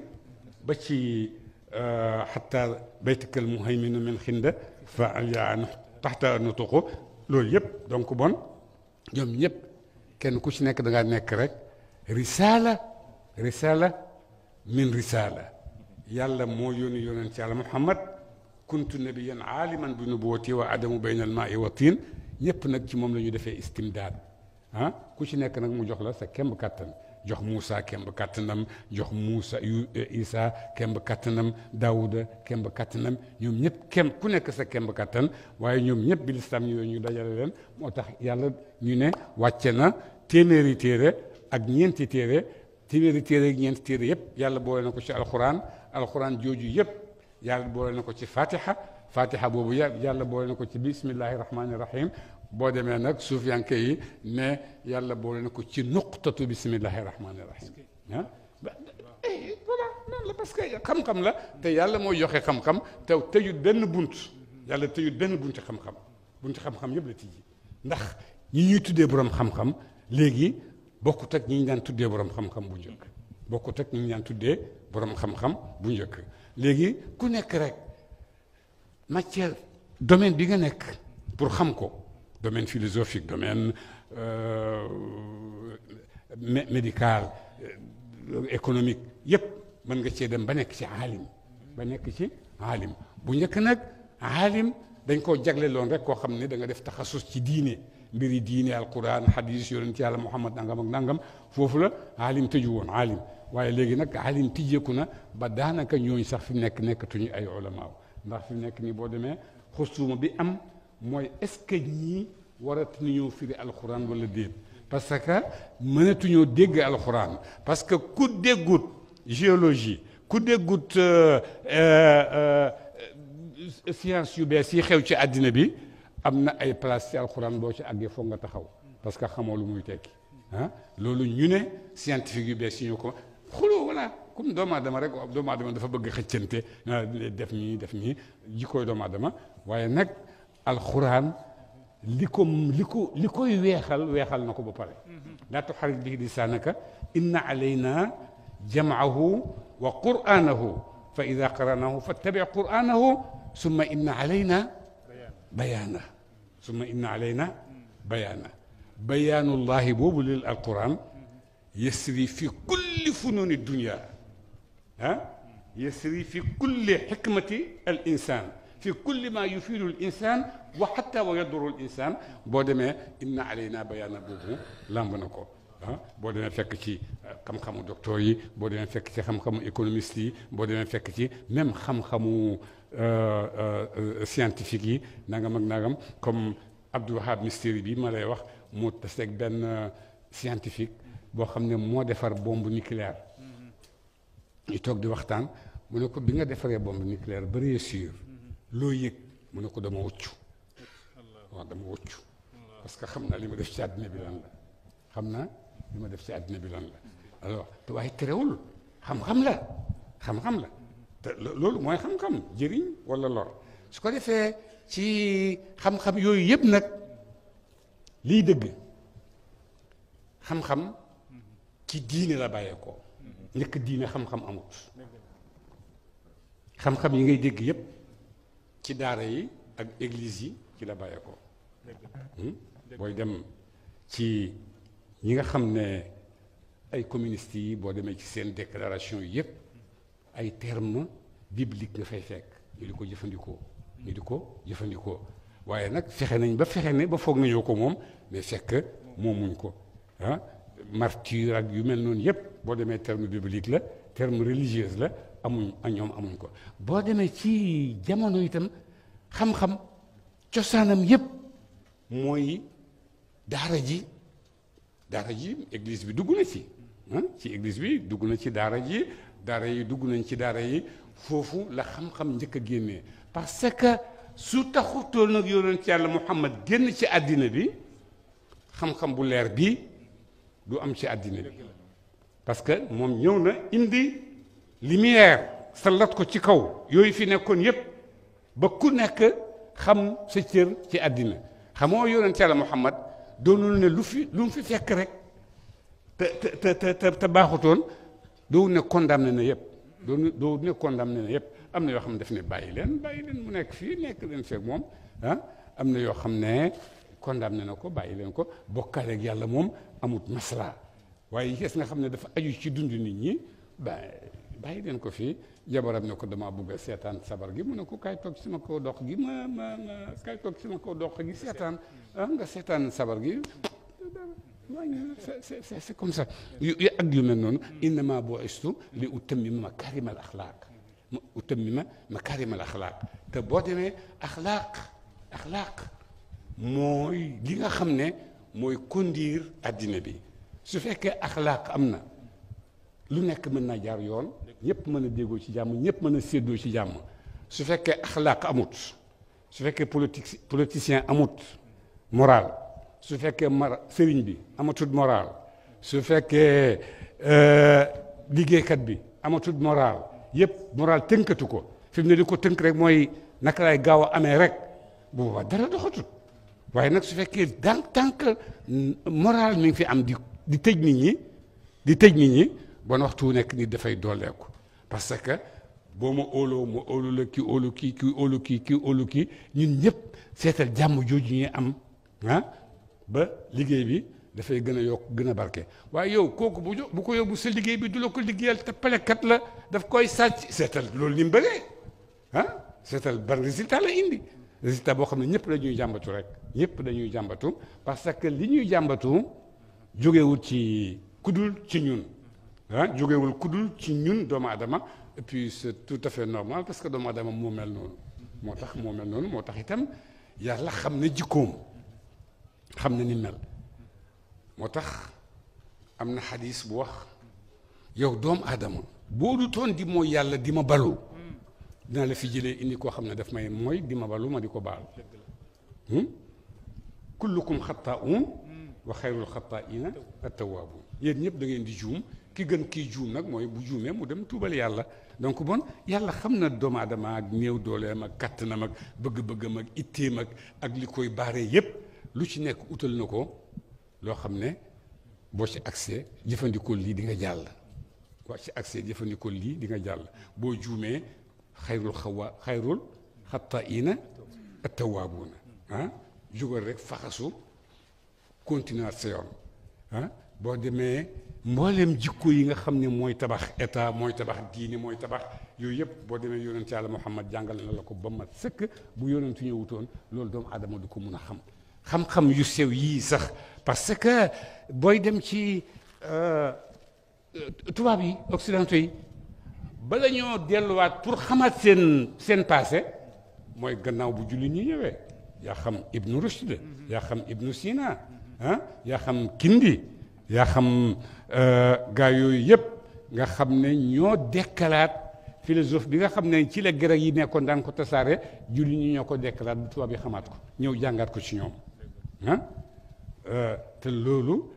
باتشي آه حتى بيتك المهيمن من خندة فعليا يعني تحت نطقه لو ييب دونك بون يوم ييب كان كوش نك دعاء نكرك رسالة رسالة من رسالة يلا مو يوني يونان على محمد كنت نبيا عالما بنبوتي وعدم بين الماء والطين يبنك كي موم لا يدفع استمداد ها كوش نك دعاء مجهلة سكيم بكتن jox Moussa kemb kattanam jox Moussa Isa kemb kattanam Daouda kemb kattanam ñoom ñëpp kemb ku nekk sa kemb kattan waaye ñoom ñëpp bi lislam yooyu ñu dajale leen moo tax yàlla ñu ne wàcce na téeméeri téere ak ñeenti téere téeméeri téere ak ñeenti téere yëpp yàlla boole na ko ci alquran alquran jooju yëpp yàlla boole na ko ci fatiha fatiha boobu yàlla boole na ko ci bismillahi rahmani rahim boo demee nag suuf yanke yi mais yàlla boole ne ko ci nuqtatu bisimillahi rahmaani rahim ah eh, voilà noonu la parce que xam-xam la te yàlla mooy yoxe xam-xam te tëjut benn bunt yàlla tëjut benn bunt xam-xam bunt xam-xam yëpp la tijji ndax ñi ñuy tuddee borom xam-xam léegi bokkut ak ñi ñu daan borom xam bu njëkk bokkut ak ñi ñu daan tuddee borom xam-xam bu njëkk léegi ku nekk rek matière domaine bi nga nekk pour xam ko domaine philosophique, domaine euh, médical, économique, Yep, man nga ci dem ba nek ci alim, ba nek ci alim. bu ñëk nak alim dañ jaglé lon rek ko xamné da nga def taxassus ci diine mbiri diine alquran hadis ci yàlla muhammad nangam ak nangam fofu la alim tëju won alim. waye léegi nak alim tijeku na ba daanaka ñoy sax fi nek nekk ay ulama ndax fi nek ni bo démé demee bi am mooy est-ce que ñii waratuñoo firi alxuraan walla déet parce que mënatuñoo dégg alxuraan parce que ku déggut géologie ku déggut euh, euh, euh, science yu bees yi xew ci àddina bi am na ay place ci alxuraan boo ci àggee foog nga taxaw parce que xamoo lu muy tekki ah loolu ñu ne scientifique yu bees yi ñoo ko xuloo voilà comme doomu aadama rek doomu aadama dafa bëgg xëccante ah, def nii def nii jikkooy doomu aadama waaye nag القران لكم لكو لكو يخل ويخل نكو بباري لا تحرك به لسانك ان علينا جمعه وقرانه فاذا قراناه فاتبع قرانه ثم ان علينا بيانه ثم ان علينا بيانه بيان الله بوب للقران يسري في كل فنون الدنيا ها يسري في كل حكمه الانسان في كل ما يفيد الانسان وحتى ويضر الانسان بودما ان علينا بيان بوبو لامبنكو ها بودي فك شي خم آه، خم دكتوري بودي فك شي خم خم ايكونوميستي بودي فك شي ميم خم خمو سيانتيفيكي أه, آه، ساينتيفيكي كم عبد الوهاب مستيري بي مالاي واخ مو تستك بن آه، ساينتيفيك بو خامني مو ديفار بومب نيكليير ني توك دي واختان مونيكو بيغا ديفاري بومب نيكليير بري لويك من قد ما وتشو هذا ما وتشو بس كخمنا اللي ما دفش عدنا بلان لا خمنا اللي ما دفش عدنا بلان لا الو تواجه تقول خم خم لا خم خم لا لول ما خم خم جرين ولا لا شو كده في شيء خم خم يو يبنك لي دق خم خم كي لا بايكو نك خم خم أموت خم خم يجي يب ci daara yi ak église yi ci la bàyyeekoo hmm? booy dem ci ñi nga xam ne ay communistes yi boo demee ci seen déclaration yépp ay termes bibliques nga fay fekk ñu di ko jëfandikoo ñu di ko jëfandikoo waaye nag fexe nañ ba fexe ne ba foog nañoo ko moom mais fekk moomuñ ko ah martyr ak yu mel noonu yépp boo demee terme biblique la terme religieuse la amuñ ñoom amuñ ko boo demee ci jamono itam xam-xam cosaanam yépp mooy daara ji daara ji église bi dugg na ci ci église bi dugg na ci daara ji daara yi dugg nañ ci daara yi foofu la xam-xam njëkk a génnee parce que su taxutoon nag yonent yàlla Muhammad génn ci àddina bi xam-xam bu leer bi du am ci àddina bi parce que moom ñëw na indi lumière salat ko ci kaw yoy fi nekkon yépp ba ku nek xam sa cër ci adina xamo yoonent yàlla muhammad doonul ne lu fi lu fi fek rek te te te te baxuton do ne condamné ne yépp do do ne condamné ne yépp amna yo xam def ne bàyyi leen bàyyi leen mu nek fi nek len fek mom han amna yo xam ne condamné nako ko bàyyi ko bokal ak yàlla mom amut masra waye gis nga xam ne dafa aju ci dundu nit ñi ba bàyyi leen ko fii jabaram ne ko damaa bëgg a seetaan sabar gi mu ne ko kaay toog sama kaw dox gi ma ma ma kaay toog sama kaw dox gi seetaan ah nga seetaan sabar gi c'est c'est c'est comme ça yu ak yu mel noonu innama bu'istu li utammima makarimal axlaaq utammima makarimal axlaaq te boo demee axlaaq axlaaq mooy li nga xam ne mooy conduire addina bi su fekkee axlaaq am na lu nekk mën naa jaar yoon ñëpp mën a déggoo ci jàmm ñëpp mën a séddoo ci jàmm su fekkee axlaaq amut su fekkee politique politicien amut moral su fekkee mar sëriñ bi amatut moral su fekkee euh, liggéeykat bi amatut moral yëpp moral tënkatu ko fi mu ne di ko tënk rek mooy naka laay gaaw a amee rek bu boobaa dara doxatut waaye nag su fekkee dans tant que moral mi ngi fi am di di tëj nit ñi di tëj nit ñi bon waxtu nekk nit dafay dooleeku parce que boo ma óoloo ma óolu la ki óolu kii ki óolu kii ki óolu kii ñun ñëpp seetal jàmm jooju ñuy am ah ba liggéey bi dafay gën a yokk gën a barke waaye yow kooku bu bu ko yóbbu sa liggéey bi du la ko liggéeyal te palekat la daf koy sàcc seetal loolu ni mu bëree ah seetal ban résultat la indi résultat boo xam ne ñëpp dañuy jàmbatu rek ñëpp dañuy jàmbatu parce que li ñuy jàmbatu jógewut ci kudul ci ñun ah jógewul kudul ci ñun doomu aadama et puis c'est tout à fait normal parce que doomu aadama moo mel noonu moo tax moo mel noonu moo tax itam yàlla xam na jikkoom xam na ni mel moo tax am na xadis bu wax yow doomu aadama boo du toon di mooy yàlla di ma balu dina la fi jëlee indi koo xam ne daf may mooy di ma balu ma di ko baal kullukum xattaa'un wa xayrul xattaa'iina at-tawwaabuun yéen ñëpp da ngeen di juum ki gën kii juum nag mooy bu juumee mu dem tuubal yàlla donc bon yàlla xam na doomu aadama ak néew dooleem ak kattanam ak bëgg-bëggam ak itteem ak ak li koy baaree yépp lu ci nekk utal na ko loo xam ne boo ci accès jëfandikoo lii di nga jàll boo ci accès jëfandikoo lii di nga jàll boo juumee xayrul xawa xayrul xatta'iina attawaabuuna ah jógal rek faxasu continuer sa yoon ah boo demee mboolem jikko yi nga xam ne mooy tabax état mooy tabax diini mooy tabax yooyu yëpp boo demee yonent yàlla Muhammad jàngal na la ko ba mat sëkk bu yonentu ñëwutoon loolu doomu aadama du ko mun a xam xam-xam yu sew yii sax parce que booy dem ci tubaab yi occidentaux yi bala ñoo delluwaat pour xamaat seen seen passé mooy gannaaw bu julli ñi ñëwee yaa xam Ibnu Rushd yaa xam Ibnu Sina ah yaa xam Kindi yaa xam gars yooyu yëpp nga xam ne ñoo dekkalaat philosophe bi nga xam ne ci la grec yi nekkoon daan ko tasaare julli ñi ñoo ko dekkalaat bu tubaab yi xamaat ko ñëw jàngaat ko ci ñoom ah te loolu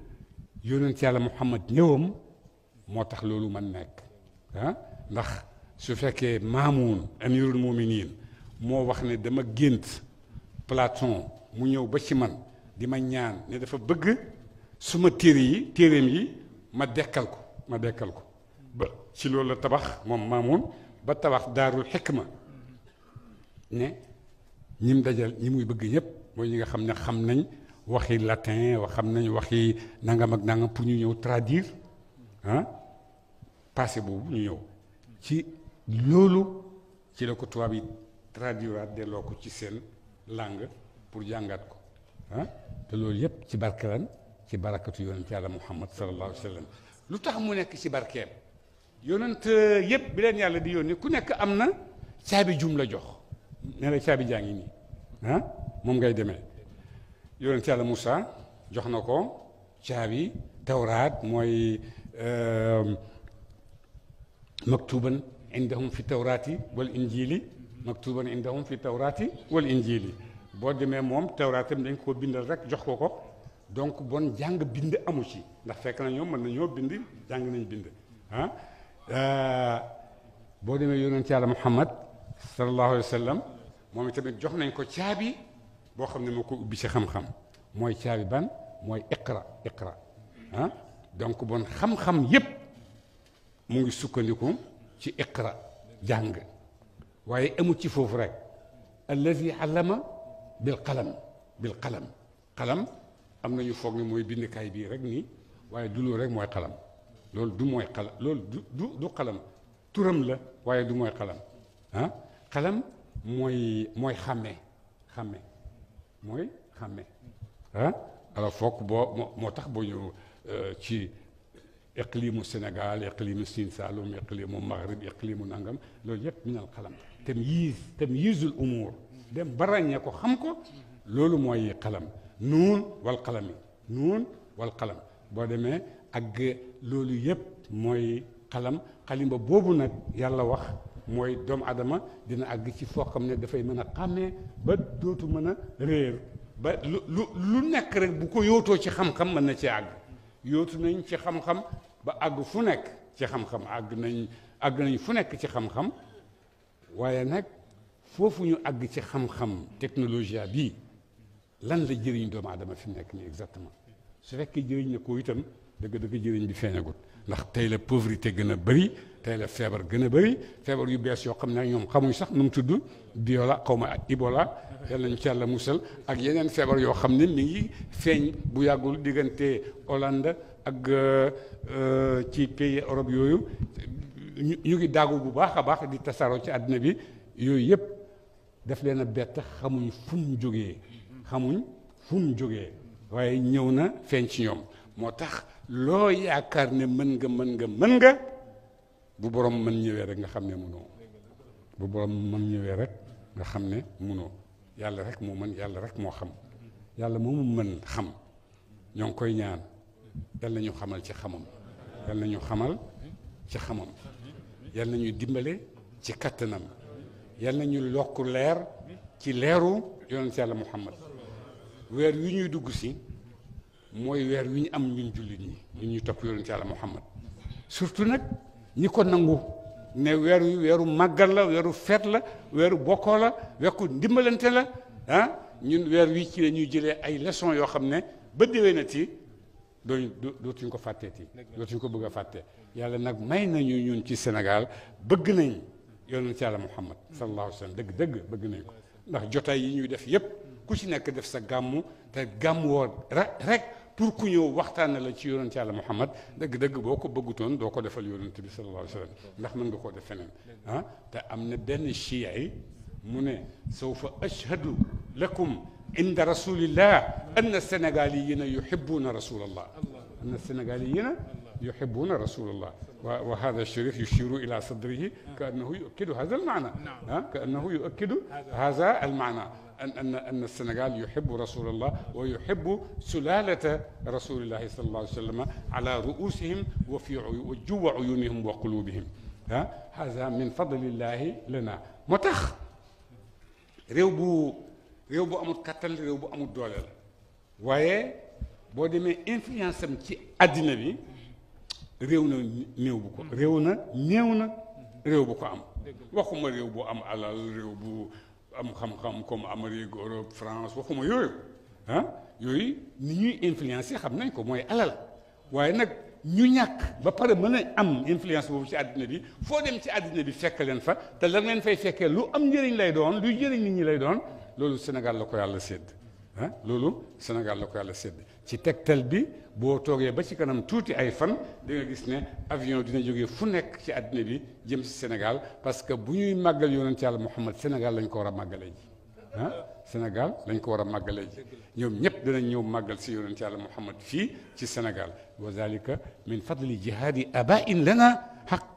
yonent yàlla muhammad ñëwam moo tax loolu man nekk ah ndax su fekkee maamuun amirul muminin moo wax ne dama gént platon mu ñëw ba ci man di ma ñaan ne dafa bëgg suma téere yi téereem yi ma dekkal ko ma dekkal ko ba ci loolu la tabax moom maamul ba tabax daarul ma ne ñim dajal ñi muy bëgg ñëpp mooy ñi nga xam ne xam nañ waxi latin wax xam nañ waxi nangam ak nanga pour ñu ñëw traduire ah passé boobu ñu ñëw ci loolu ci la ko tubaab yi traduiraat delloo ko ci seen lang pour jàngaat ko ah. te loolu yëpp ci barkelan ci barakatu yonent yàlla muhammad sallallahu alaihi wasallam lutax mu nek ci barkeem yonent yeb bi len yàlla di yoni ku nek amna na caabi jum la jox ne la caabi jangi ni nii mom ngay deme yonent yàlla musa jox nako ko tawrat moy mooy maktuban indahum fi tawraati wal injili maktuban indahum fi tawraati wal injili boo demee moom tawraatam dañ ko bindal rek jox ko ko donc bon jàng bind amu ci ndax fekk na ñoom mën nañoo bind jàng nañ bind ah boo demee yonent yàlla muhammad sallallahu alayhi wa sallam moom jox nañ ko caabi boo xam ne ubbi ci xam-xam mooy caabi ban mooy iqra iqra ah donc bon xam-xam yépp mu ngi sukkandiku ci iqra jàng waaye amul ci foofu rek allazi allama bil qalam bil qalam qalam am nañu foog ni mooy bindkaay bii rek nii waaye du loolu rek mooy xalam loolu du mooy xalam loolu turam la waaye du mooy xalam ah, xalam mooy mooy xàmme xàmme mooy xàmme ah alors foog boo moo tax boo ñu euh, ci iqlimu Sénégal iqlimu Sine Saloum iqlimu Maghrib iqlimu Nangam loolu yëpp minal xalam tamyiz tamyizul umur dem ba ràññee ko xam ko loolu mooy xalam. نون والقلم نون والقلم بو ديمي اك لولو ييب موي قلم قليم بوبو نك يالا واخ موي دوم ادما دينا اك سي فوكم ني دا فاي مانا خامي با دوتو مانا رير با لو نك رك بو كو يوتو سي خام خام مانا سي اك يوتو نين سي خام خام با اك فو نك سي خام خام اك نين اك نين فو نك سي خام خام وايي نك فوفو ني اك سي خام خام تكنولوجيا بي lan la jëriñ doomu aadama fi mu nekk nii exactement su fekkee jëriñ ne ko itam dëgg-dëgg jëriñ bi feeñagut ndax tey la pauvreté gën a bëri tey la feebar gën a bëri feebar yu bees yoo xam ne ñoom xamuñ sax num mu tudd biola xaw ma ibola yàlla nañ ci yàlla musal ak yeneen feebar yoo xam ne mi ngi feeñ bu yàggul diggante Hollande ak ci pays Europe yooyu ñu ngi daagu bu baax a baax di tasaaroo ci àddina bi yooyu yëpp daf leen a bett xamuñ fu mu jógee xamuñ fu mu jógee waaye ñëw na feeñ ci ñoom moo tax loo yaakaar ne mën nga mën nga mën nga bu borom mën ñëwee rek nga xam ne mënoo bu borom mën ñëwee rek nga xam ne mënoo yàlla rek moo mën yàlla rek moo xam yàlla moomu mën xam ñoo ngi koy ñaan yàlla ñu xamal ci xamam yàlla ñu xamal ci xamam yàlla ñu dimbale ci kattanam yàlla ñu lokk leer ci leeru yonent yàlla muhammad weer wi ñuy dugg si mooy weer wi ñu am ñun jullit ñi ñun ñu topp yoonu ci Yàlla Muhammad surtout nag ñi ko nangu ne wi màggal la weeru fet la weeru bokkoo la wekku ndimbalante la ah ñun weer wi ci la ñuy jëlee ay leçon yoo xam ne ba déwénati dooñu dootuñ ko fàtteeti dootuñ ko bëgg a fàtte yàlla nag may nañu ñun ci Sénégal bëgg nañ yoonu ci Yàlla Muhammad sallallahu alayhi wa sallam dëgg dëgg bëgg nañ ko ndax jotaay yi ñuy def كوشي نك ديف سا غامو gàmmu غامو رك pour ku ñëw waxtaana la ci yonent yàlla Muhammad deug deug boko ko bëggutoon doo ko defal yonent bi sallallahu alayhi wasallam ndax mën nga koo def feneen ah te am na benn yi mu ne sawfa ashhadu lakum inda rasulillah anna sénégaliyina yuhibbuna rasulallah anna sénégaliyina يحبون رسول الله وهذا الشريف يشير إلى صدره كأنه يؤكد هذا المعنى كأنه يؤكد هذا المعنى أن أن أن السنغال يحب رسول الله ويحب سلالة رسول الله صلى الله عليه وسلم على رؤوسهم وفي جو عيونهم وقلوبهم ها هذا من فضل الله لنا متخ ريوبو ريوبو أمود كتل ريوبو أمود دولار وي بودي مي إنفلونسم تي أدينبي ريونا نيوبوكو ريونا نيونا ريوبوكو أم واخوما ريوبو أم على ريوبو am xam-xam comme Amérique Europe France waxuma yooyu ah yooyu ni ñuy influencer xam nañ ko mooy alal waaye nag ñu ñàkk ba pare mën a am influence boobu ci àddina bi foo dem ci àddina bi fekk leen fa te lan leen fay fekkee lu am njëriñ lay doon luy njëriñ nit ñi lay doon loolu Sénégal la ko yàlla sédd ah loolu Sénégal la ko yàlla sedd ci tegtal bi boo toogee ba ci kanam tuuti ay fan di nga gis ne avion dina jógee fu nekk ci àddina bi jëm ci Sénégal parce que bu ñuy màggal yonent yàlla Muhammad Sénégal lañ ko war a màggalee ji ah Sénégal lañ ko war a màggalee ji ñoom ñëpp dinañ ñëw màggal si yonent yàlla Muhammad fii ci Sénégal wa zalika min fadli jihaadi abain lana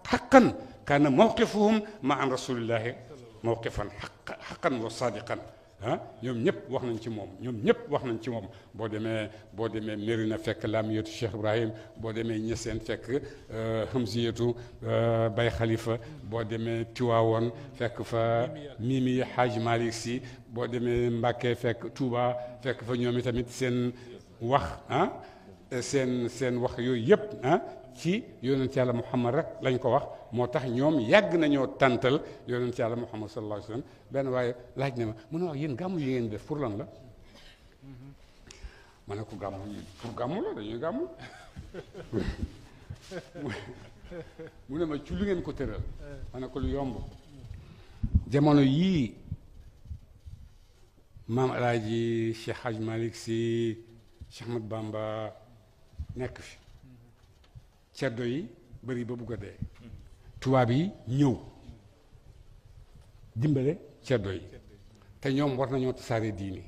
xaqan kaana mawqifuhum ma an rasulillahi mawqifan xaqan wa sadiqan Yum hein? ñoom ñëpp wax nañ ci moom ñoom ñëpp wax nañ ci Mérina fekk Cheikh Ibrahim euh, euh, Bay Khalifa boo Mimi Haj Malik, Si boo fekk Touba fekk fa ñoom wah. tamit seen wax hein? hein? ci yonent yàlla muhammad rek lañ ko wax motax ñom yag nañu tantal yonent yàlla muhammad sallallahu alayhi wasallam ben way laaj na ma mu wax yéen gamu yeen def pour lan la ma ko gamu pour gamu la dañu gamu mu ne ma ci lu ngeen ko teural ma ko lu yomb jamono yi mam alaji cheikh haj malik si cheikh mohammed bamba nek fi ceddo yi bari ba bu ko dee tubaab yi ñëw dimbale ceddo yi te ñoom war nañoo tasaare diini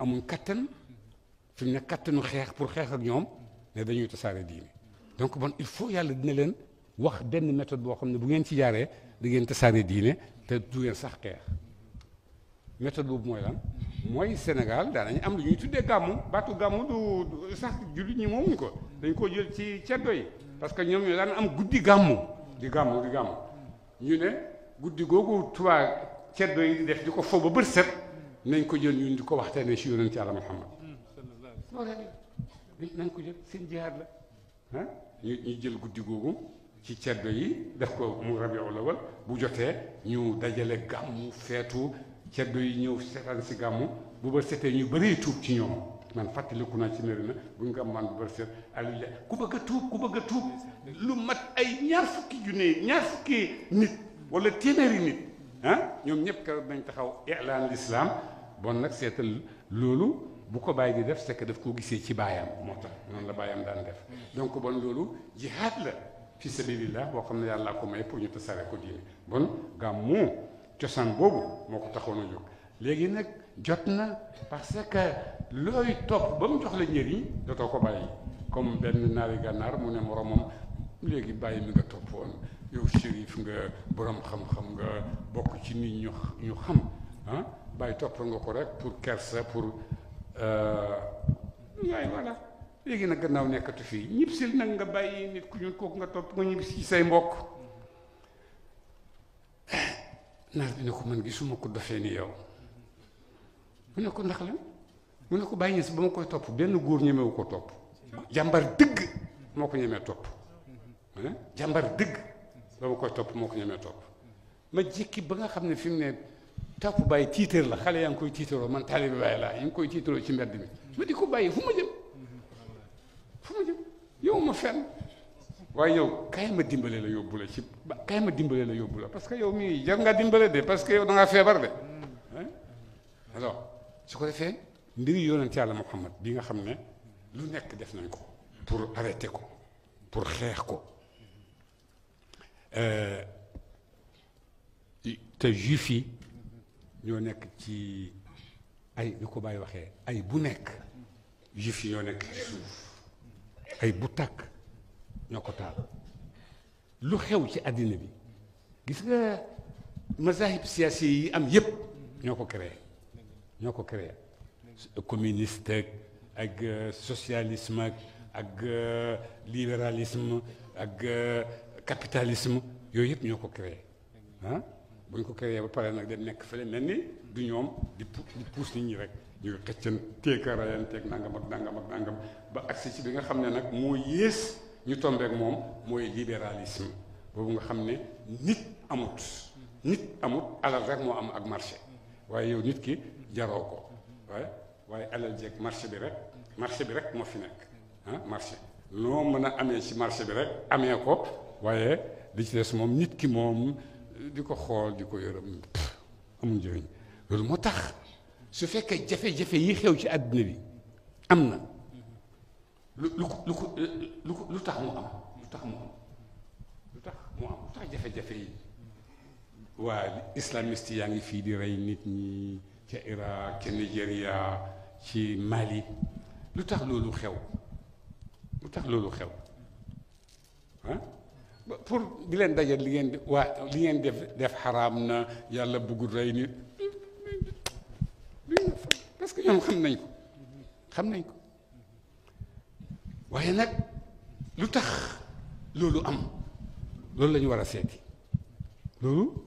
amuñ kattan fi mu ne kattanu xeex pour xeex ak ñoom ne dañuy tasaare diini donc bon il faut yàlla dina leen wax benn méthode boo xam ne bu ngeen ci jaaree da ngeen tasaare diine te du ngeen sax xeex méthode boobu mooy lan mooy Sénégal daanañu am lu ñuy tuddee gàmmu baatu gàmmu du sax jullit ñi moomuñu ko dañ ko jël ci ceddo yi parce que ñoom ñoo daan am guddi gàmmu di gàmmu di gàmmu ñu ne guddi googu tubaab ceddo yi di def di ko fo ba bët set nañ ko jël ñun di ko waxtaanee si yonent Yàlla Muhammad loolu ko jël seen ñu jël guddi googu ci ceddo yi def ko mu rabiul awal bu jotee ñu dajale gàmmu feetu ceddo yi ñëw seetaan si gàmmu bu ba setee ñu bëree tuub ci ñoom man fàttaliku naa ci nari na bu nga man bu barseet alila ku bëgg a tuub ku bëgg a tuub lu mat ay ñaar fukki junne ñaar fukki nit wala téeméeri nit ah, ñoom ñëpp keroog nañ taxaw ilaan l'islam bon nag seetal loolu bu ko bàyyi di def c'est que daf koo gisee ci baayam moo tax noonu la baayam daan def donc bon loolu jihaad la fi sabilillah boo xam ne yàlla ko may pour ñu tasaare ko diine bon gàmmu cosaan boobu moo ko taxoon a jóg léegi nag jot na parce que looy topp ba mu jox la njëriñ dootoo ko bàyyi comme benn naar yi gànnaar mu ne moromam léegi bàyyi mu nga toppoon yow shérif nga boroom xam-xam nga bokk ci nit ñu ñu xam ah bàyyi topp nga ko rek pour kerse pour waaye euh, voilà léegi nag gannaaw nekkatu fii ñibbsil nag nga bàyyi nit ku ñun kooku nga topp nga ñibbisi say mbokk eh, naar bi ne ko man gisuma ko dofee ni yow mu ne ko ndax lan mu ne ko bàyyi ñes ba ma koy topp benn góor ñemewu ko topp jàmbar dëgg moo ko ñemee topp dëgg ba topp moo ko ñemee topp ma jékki ba nga xam ne fi mu ne topp bàyyi tiitar la xale yaa ngi koy tiitaroo man taalibi bàyyi laa yi ngi koy tiitaroo ci mbedd mi ma di ko bàyyi fu ma jëm fu ma jëm yow ma fenn waaye yow kaay ma dimbale la yóbbu la ci kaay ma dimbale la yóbbu la parce que yow mii jar ngaa dimbale de parce que yow da feebar de alors su ko defee mbiri yonent yàlla Muhammad bi nga xam ne lu nekk def nañ ko pour arrêter ko pour xeex ko te juif yi ñoo nekk ci ay ñu ko bàyyi waxee ay bu nekk juif yi ñoo nekk ci suuf ay bu tàkk ñoo ko taal lu xew ci àddina bi gis nga mazahib siyaasi yi am yépp ñoo ko créé ñoo ko créé communiste ak euh, socialisme ak euh, libéralisme ak euh, capitalisme yooyu yëpp ñoo ko créé ah hein? bu ñu ko créé ba pare nag dem nekk fële mel du di pousse nit ñi rek ak ak ba ci bi nga libéralisme boobu nga xam nit nit alal rek marché waaye yow nit ki jaroo ko waaye waaye alal jeeg marché bi rek marché bi rek moo fi nekk ah marché noo mën a amee ci marché bi rek amee ko waaye li ci des moom nit ki moom di ko xool di ko yërëm amul njëriñ loolu moo tax su fekkee jafe-jafe yi xew ci àdduna bi am na lu lu lu lu lu tax mu am lu tax mu am lu tax mu am lu tax jafe-jafe yi waa islamiste yaa ngi fii di rey nit ñi ca Irak ca Nigeria ci Mali lu tax loolu xew lu tax xew ah pour di len dajal li ngeen wa li ngeen def def haram na yàlla bëggul ray nit parce que ñom xam nañ ko xam nañ ko waye nak lutax lolu am lolu lañu wara séti lolu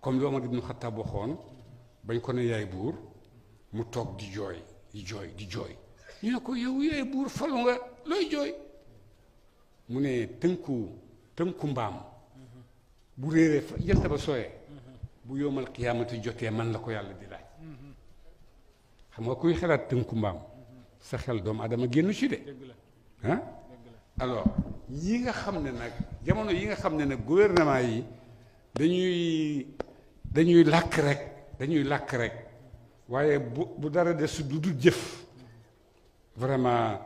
comme li di ibnu Xattaab waxoon bañ ko ne yaay buur mu toog di jooy di jooy di jooy ñu ne ko yow yaay buur falu nga looy jooy mu ne tënku tënku mbaam bu réeree jant ba sooyee bu yoomal qiyaamati jotee man la ko yàlla di laaj xam nga kuy xalaat tënku mbaam sa xel doomu adama génn ci de ah alors yi nga xam ne nag jamono yi nga xam ne nag gouvernement yi dañuy dañuy làkk rek dañuy làkk rek waaye bu bu dara des du du jëf vraiment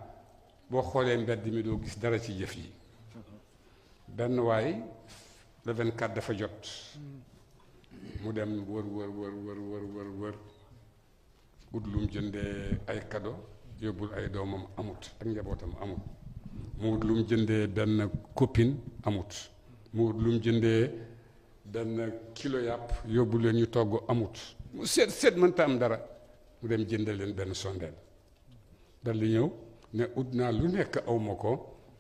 boo xoolee mbedd mi doo gis dara ci jëf yi benn waay le 24 dafa jot mu dem wër wër wër wër wër wër wër ut lum jëndee ay kado yóbbul ay doomam amut ak njabootam amut mu ut lum jëndee benn copine amut mu ut lum jëndee dana kilo yàpp yóbbu leen ñu togg amut mu seet seet mënta am dara mu dem jënd leen benn sondeel dal li ñëw ne ut naa lu nekk awma ko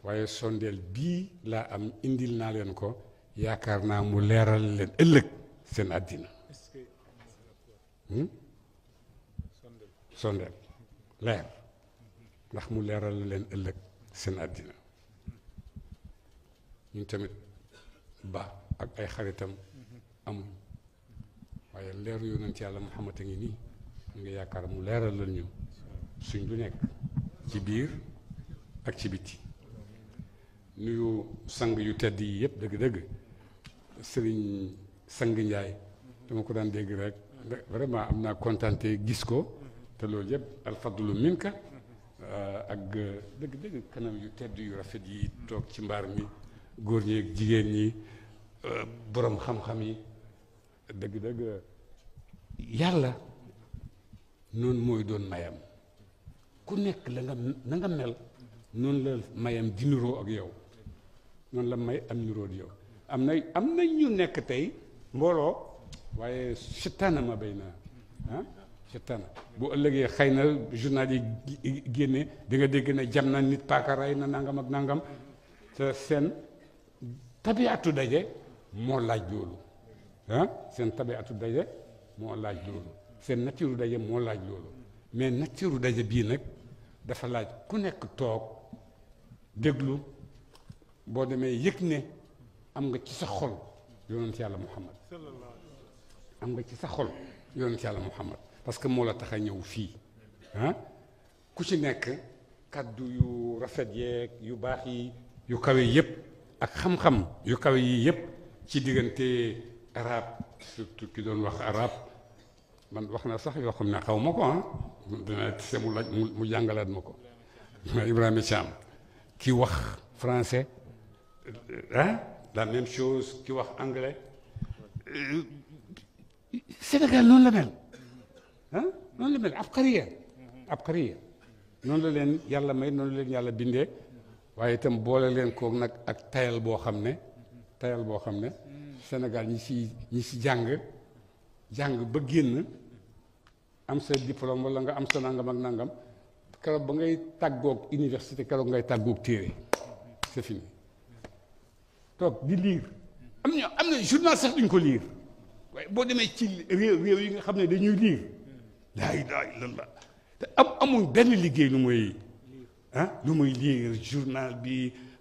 waaye sondeel bii laa am indil naa leen ko yaakaar naa mu leeral leen ëllëg seen àddina hmm? sondeel ndax mu leeral leen ëllëg seen àddina ñun tamit ba ak ay xaritam amuñ waaye leeru yonent yàlla Muhammad a ngi nii ñu ngi yaakaar mu leeral la ñu suñ lu nekk ci biir ak ci biti nuyu sang yu tedd yi yëpp dëgg-dëgg sëriñ sang Njaay dama ko daan dégg rek vraiment am naa kontante gis ko te loolu yëpp alfadlu minka ak dëgg-dëgg kanam yu tedd yu rafet yi toog ci mbaar mi góor ñi ak jigéen ñi boroom xam-xam yi dëgg-dëgg yàlla noonu mooy doon mayam ku nekk la nga na mel noonu la mayam di niroo ak yow noonu la may am niroo ak yow am na am na ñu nekk tey mbooloo waaye setaana ma bay naa ah, setaana bu ëllëgee xëy na journal yi génne di dégg ne jam na nit paaka rey na nangam ak nangam te seen tabiatu daje moo laaj loolu ah seen tabiatu daje moo laaj loolu seen nature daje moo laaj loolu mais nature daje bii nag dafa laaj ku nekk toog déglu boo demee yëg ne am nga ci sa xol yonent yàlla muhammad am nga ci sa xol yonent yàlla muhammad parce que moo la tax a ñëw fii ah ku ci nekk kaddu yu rafet yeeg yu baax yi yu kawe yëpp ak xam-xam yu kawe yi yëpp ci diggante arab surtout ki doon wax arab man wax na sax yoo xam ne xaw ma ko ah dina tise mu laaj mu jàngalaat ma ko Ibrahima Thiam ki wax français da eh, ah, la même chose ki wax anglais Sénégal noonu la mel ah, noonu la mel abqariya abqariya noonu la leen yàlla may noonu leen yàlla bindee waaye itam boole leen kook nag ak tayal boo xam ne tayal boo xam ne Sénégal ñi si ñi si jàng jàng ba génn am sa diplôme wala am sa nangam ak ba ngay tàggoog université keroog ngay tàggoog téere c'est am na am journal sax duñ ko liir waaye boo demee ci réew réew yi nga xam ne dañuy liir laa ilaaha illallaah te am amuñ benn liggéey muy lu muy ah, liir journal bi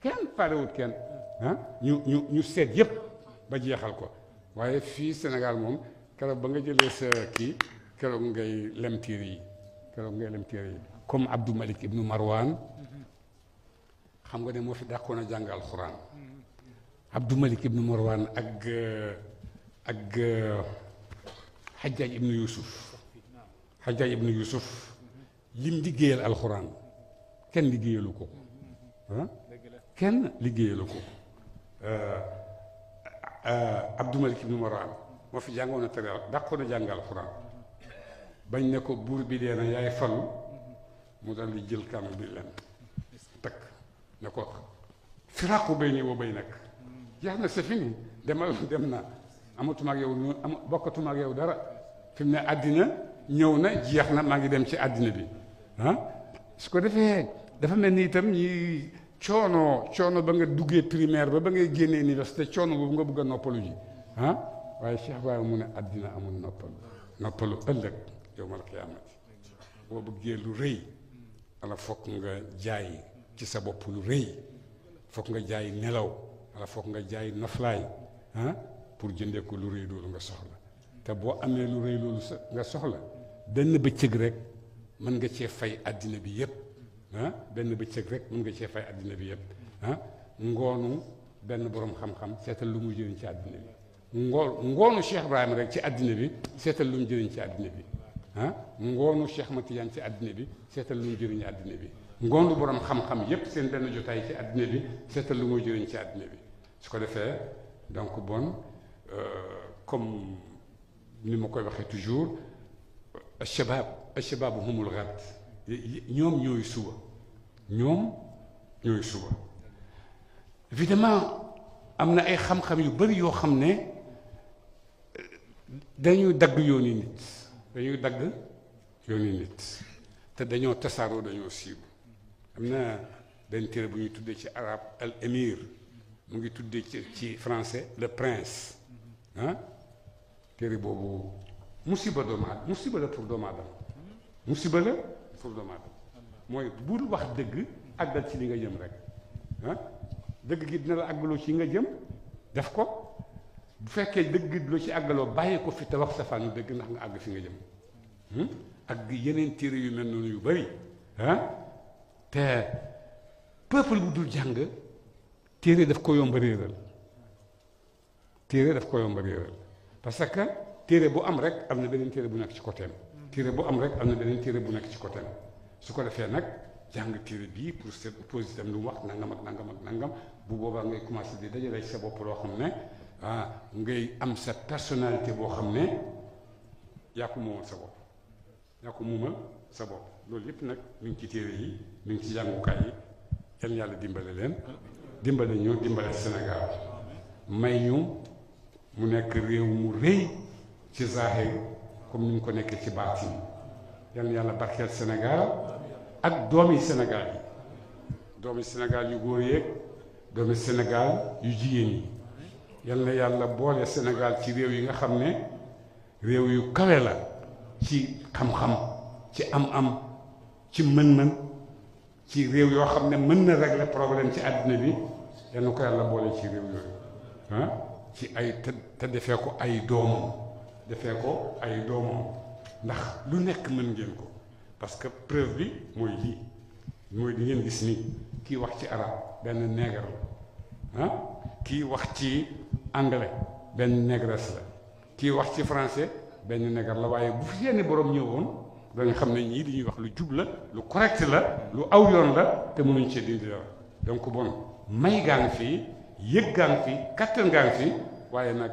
kenn parewut kenn ah ñu ñu ñu seet yëpp ba jeexal ko waaye fii Sénégal moom keroog ba nga jëlee sa kii keroog ngay lem tiir yi keroog ngay lem tiir yi comme Abdou Malik ibnu marwaan xam nga ne moo fi dàqoon a jàng alxuraan Abdou Malik ibnu Marwan ak ak Xajaaj ibnu Yuusuf Xajaaj ibnu Yuusuf lim liggéeyal alxuraan kenn liggéeyalu ko ah كان liggéeyalako Abdou Malik ibn Marwan moo fi jàngoon a tere dàqoon a jàng alxuraan bañ ne ko buur bi dee na yaay falu mu dal di jël kaamil bi lenn takk ne ko firaaqu bayni wa baynak jeex na c'est fini demal dem na amatuma ak yow nu am bokkatuma ak yow dara fi mu ne àddina ñëw na jeex na maa ngi dem ci àddina bi ah su ko defee dafa mel ni itam ñi coono coono ba nga duggee primaire ba ba ngay génnee université coono boobu nga bëgg a noppalu ji ah waaye Cheikh Baye mu ne àddina amul noppalu noppalu ëllëg yow qiyaamati boo bëggee lu rëy ala foog nga jaay ci sa bopp lu rëy foog nga jaay nelaw ala foog nga jaay naflaay ah pour jëndee ko lu rëy nga soxla te boo amee lu rëy nga soxla benn bëccëg rek mën nga cee fay àddina bi yépp ah benn bëccëg rek mën nga cee fay àddina bi yëpp ah ngoonu benn borom xam-xam seetal lu mu jëriñ ci àddina bi ngoon ngoonu Cheikh Ibrahima rek ci àddina bi seetal lu mu jëriñ ci àddina bi ah ngoonu Cheikh Matiyaan ci àddina bi seetal lu mu jëriñ àddina bi ngoonu borom xam-xam yépp seen benn jotaay ci àddina bi seetal lu mu jëriñ ci àddina bi su ko defee donc bon comme ni ma koy waxee toujours الشباب الشباب هم الغد ñom ñoy suwa ñom ñoy évidemment amna ay xam-xam yu bari eh, dagg nit dañu dagg yoni nit té dañu dañu sib amna bu ñu tuddé ci arab al français le prince ah bobu musiba musiba la pour musiba foofu doomu aadama mooy bul wax deug agal ci li nga jëm rek ah deug gi dina la àggaloo ci nga jëm def ko bu fekke deug gi du ci agalo baye ko fi tawax wax safaanu dëgg ndax nga ag fi nga jëm hmm ak yenen tire yu mel non yu bari ah te peuple bu dul jàng tire daf ko yomba réeral tire daf ko yomba réeral parce que tire bu am rek amna benen tire bu nekk ci côté téere bu am rek am na beneen téere bu nekk ci côté su ko defee nag jàng téere bii pour se pose itam lu wax nangam ak nangam ak nangam bu boobaa ngay commencé di dajale sa bopp loo xam ne ah ngay am sa personnalité boo xam ne yaa ko moomal sa bopp yaa ko sa bopp loolu yëpp nag mi ngi ci téere yi mi ngi ci jàngukaay yi yal yàlla dimbale leen dimbale ñu dimbale Sénégal may ñu mu nekk réew mu rëy ci zaaxir comme ni ñu ko nekkee ci baatin yal na yàlla barkeel Sénégal ak doomi Sénégal yi doomi Sénégal yu góor yeeg doomi Sénégal yu jigéen yi yal na yàlla boole Sénégal ci réew yi nga xam ne réew yu kawe la ci xam-xam ci am-am ci mën-mën ci réew yoo xam ne mën na régler problème ci àddina bi yal na ko yàlla boole ci réew yooyu ah, ci ay te te defee ko ay doomam defee ko ay doomam ndax lu nekk mën ngeen ko parce que preuve bi mooy lii mooy di ngeen gis nii kii wax ci arab benn nègre la ah, kii wax ci anglais benn négresse la kii wax ci français benn nègre la waaye bu fi yenn borom ñëwoon danga xam ne ñii li ñuy wax lu jub la lu correct la lu aw yoon la te mënuñ ci dindi dara donc bon may gaa fii yëg gaa ngi fii kattan gaa fii waaye nag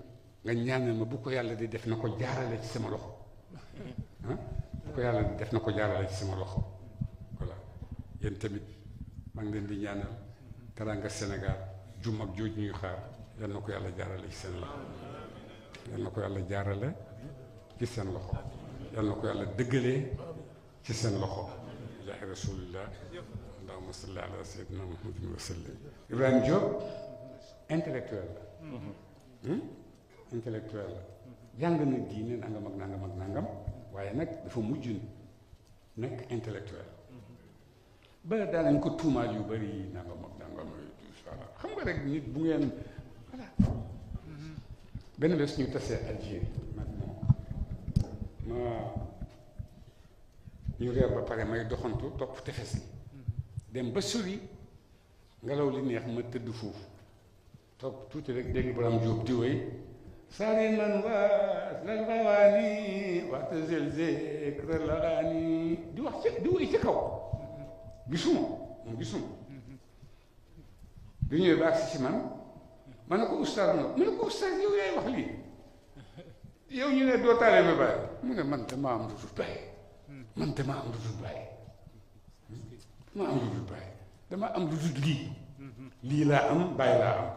nga ñaanal ma bu ko yàlla di def na ko jaarale ci sama loxo ah bu ko yàlla di def na ko jaarale ci sama loxo voilà yéen tamit maa ngi leen di ñaanal teraanga Sénégal ju mag jooju ñuy xaar yal na ko yàlla jaarale ci seen loxo yal na ko yàlla jaarale ci seen loxo yal na ko yàlla dëggalee ci seen loxo jaahi rasulillah allahumma salli ala sayyidina muhammadin wa sallim Ibrahima Diop intellectuel la intellectuel la jàng na diine nangam ak nangam ak nangam waaye nag dafa mujj nekk intellectuel ba daanañ ko tuumaal yu bari nangam ak nangam inshallah xam nga rek nit bu ngeen voilà benn bés ñu tasee Algérie maintenant ma ñu reer ba pare may doxantu topp tefes li dem ba sori ngelaw li neex ma tëdd foofu topp tuuti rek dégg borom jóob di wéy سالما واصل الغواني واعتزل ذكر الأغاني di wax di wéy ci kaw gisuma gisuma du ñëwee ba agsi ci man ma ne ko oustaz ma ne ko oustaz yow yaay wax lii yow ñu ne doo taalee ma bàyyi mu ne man damaa am lu dul bàyyi man damaa am am lu dul bàyyi damaa am lu dul lii lii laa am bàyyi laa am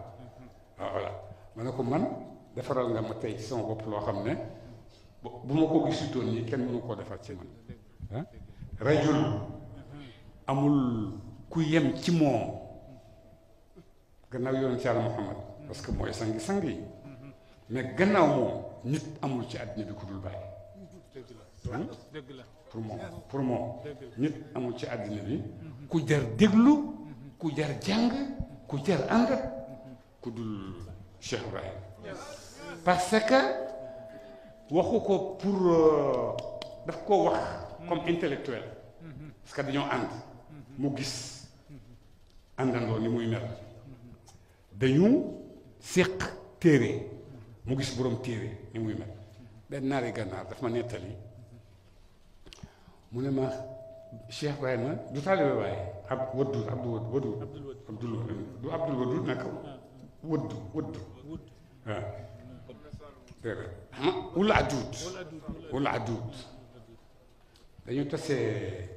waaw ah, voilà ma ko man defaral nga ma tey sama bopp loo xam ne bu ma ko gisutoon nii kenn mënu koo defar ci man ah. rajul amul ku yem ci moom gannaaw yoon ci Yàlla Muhammad parce que mooy sangi sangi yi mais gannaaw moom nit amul ci àddina bi ku dul bàyyi hmm? pour moom pour moom nit amul ci àddina bi ku jar déglu ku jar jàng ku jar ànd ku dul Cheikh Ibrahim parce que waxu ko pour euh, daf ko wax comme mm-hmm. intellectuel parce que dañoo ànd mm-hmm. mu gis mm-hmm. àndandoo ni muy mel dañu séq téere mu gis boroom téere ni muy mel benn naari gànnaar daf ma nettali mu ne ma Cheikh Baye ma du taalibe Baye ab Wadud Abdou Wadud Abdul Wadud du Abdul Wadud nag wala aduut wala aduut dañu tasee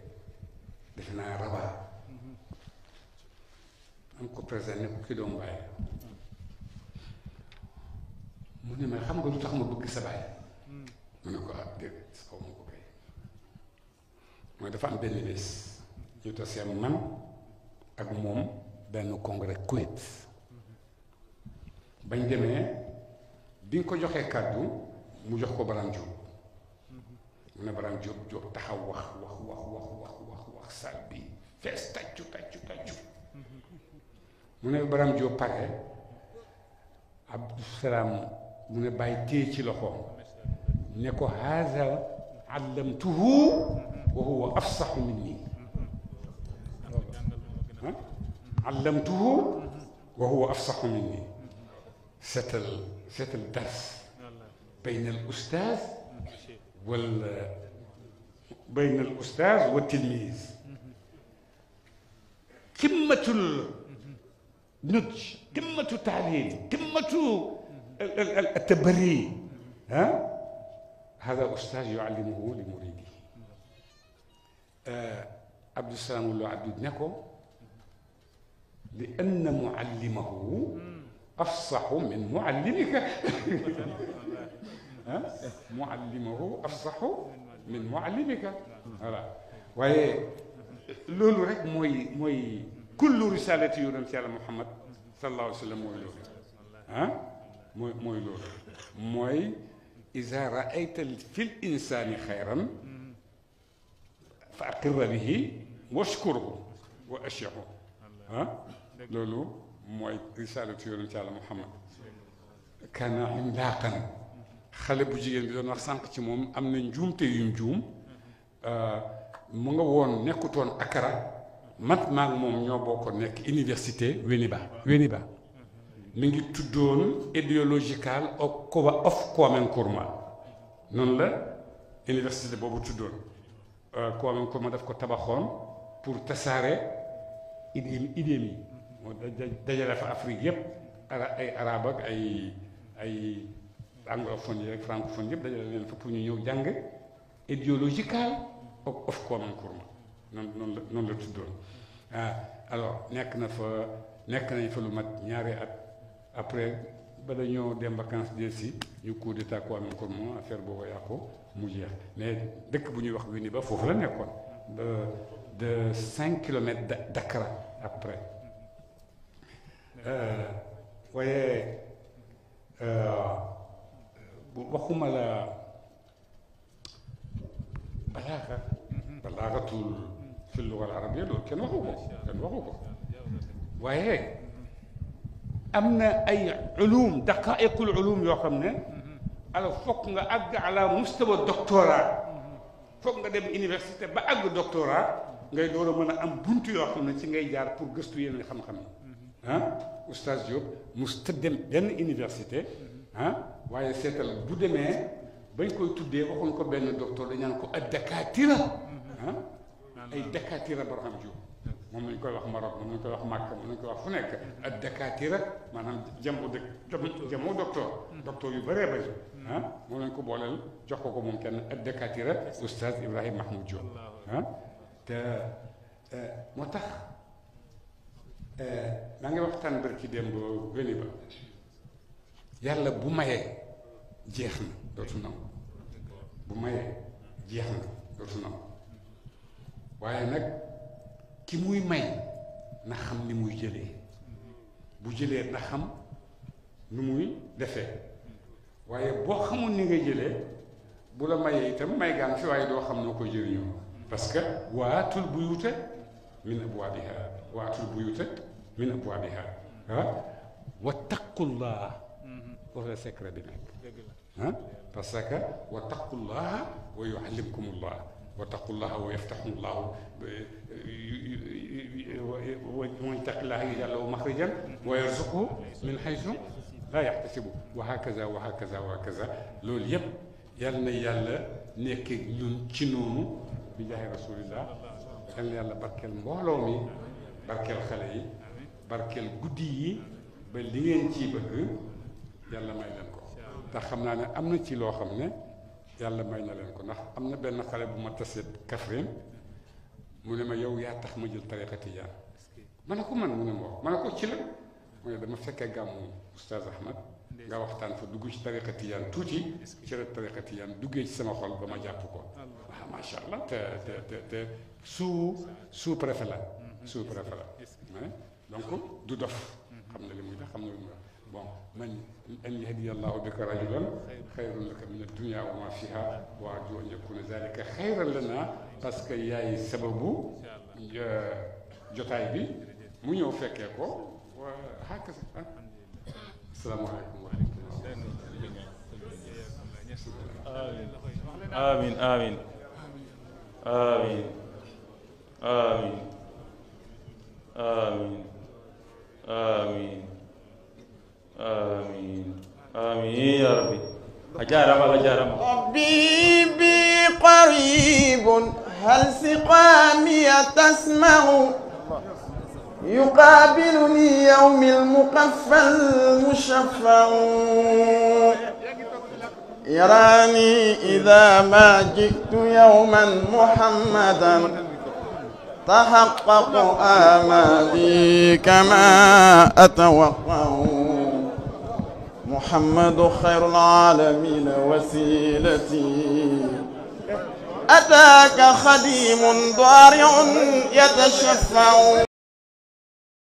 defe naa rabaa am ko président ne ko doomu baay mu ne ma xam nga lu tax ma bëgg sa baay mu ne ko ah déedéet xaw ma ko kay mooy dafa am benn bés ñu tasee man ak moom benn congrès Koweït bañ demee biñ ko joxee kàddu mu jox ko baram Diop mu ne baram Diop Diop taxaw wax wax wax wax wax wax wax salle bi fees tàccu tàccu tàccu mu ne baram Diop pare Abdou Salaam mu ne bàyyi téye ci loxoom ne ko haza allamtuhu wa huwa afsahu minni allamtuhu wa huwa afsahu minni setal شتل درس بين الأستاذ وال بين الأستاذ والتلميذ قمة النضج قمة التعليم قمة التبري ها هذا أستاذ يعلمه لمريده آه عبد السلام ولا عبد ابنكم لأن معلمه افصح من معلمك معلمه افصح من معلمك وي لولو رك موي موي كل رساله يونس على محمد صلى الله عليه وسلم موي لولو ها موي موي لولو موي اذا رايت في الانسان خيرا فاقر به واشكره واشعه ها لولو moy risaalatu yonent yàlla Muhammad kana indaqan xale bu jigen bi doon wax sank ci mom amna njumte njuumte yum juum mu nga won nekkutoon Akara mat maag mom ñoo boko nek université Winneba Winneba mi ngi tuddoon okoba of Nkrumah non la université bobu euh tuddoon Nkrumah daf ko tabaxone pour tasaare idée idée mi mu dajale fa Afrique yëpp ara ay arabe ak ay ay anglophone yi ak francophone yëpp dajale leen fa pour ñu ñëw jàng idéological ak of common kurma noonu noonu la noonu tuddoon ah alors nekk na fa nekk nañ fa lu mat ñaari at après ba dañoo dem vacances del si ñu coup d'état ko amee kurma affaire boobu yàqu mu jeex mais dëkk bu ñuy wax Winneba foofu la nekkoon de cinq kilomètres Dakar après fue waxuma la بلاغه بلاغه في اللغه العربيه لو كان وقوه كان وقوه وهي امنا اي علوم دقائق العلوم يو خامنا على فوق nga ag على مستوى الدكتوراه فوق nga dem université ba ag doctorat ngay doora meuna am buntu yo xamne ci ngay jaar pour geustu yeen xam xam yi ah oustaz Diop mus tëddem benn université ah waaye seetal bu demee bañ koy tuddee waxoon ko benn docteur dañ naan ko ak dakatira ah ay dakatira Barham Diop moom lañ koy wax Maroc moom lañ koy wax Màkk moom lañ koy wax fu nekk ak dakatira maanaam jamu dëkk jamu docteur docteur yu bëree bëri ah moom lañ ko booleel jox ko ko moom kenn ak dakatira oustaz Ibrahima Mahmoud Diop ah te moo tax maa ngi waxtaan barki démb gëni ba yàlla bu mayee jeex na dootu nangu bu mayee jeex na dootu nangu waaye nag ki muy may na xam ni muy jëlee bu jëlee na xam nu muy defee waaye boo xamul ni nga jëlee bu la mayee itam may gaa ngi fi waaye doo xam noo ko jëriñoo parce que waatul buyuta من أبوابها وأتوا البيوت من أبوابها ها واتقوا الله وهذا سكر بنك ها فسكر واتقوا الله ويعلمكم الله واتقوا الله ويفتح الله ويتق الله يجعل له مخرجا ويرزقه من حيث لا يحتسبه وهكذا وهكذا وهكذا لول يب يالنا يالا نيك نون تشنونو بجاه رسول الله barkel yàlla barkel mbolo mi barkel xale yi barkel guddi yi ba li ngeen ci bëgg yàlla may leen ko ta xamna ne amna ci lo xamne yàlla may na leen ko ndax amna ben xale bu ma tasee kafrin mu ne ma yow ya tax ma jël tariqa ya manako man mu ne ma manako ci la mu ne dama fekke gamu Oustaz Ahmad nga waxtaan fa dugg ci tariqati tijaan tuuti ci la tariqati tijaan duggee ci sama xol ba ma jàpp ko waaw macha allah te te te te sous sous préfet la sous préfet la donc du dof xam na li muy def xam na li muy wax bon man an yahdiya allah bika rajulan khayrun laka min ad-dunya wa ma fiha wa arju an yakuna zalika khayran lana parce que yaay sababu jotaay bi mu ñëw fekkee ko hakka xàkk السلام عليكم ورحمه الله امين امين امين امين امين امين امين امين يا ربي اجارم اجارم ربي بي قريب هل سقامي تسمع يقابلني يوم المقفى المشفع يراني إذا ما جئت يوما محمدا تحقق آمالي كما أتوقع محمد خير العالمين وسيلتي أتاك خديم ضارع يتشفع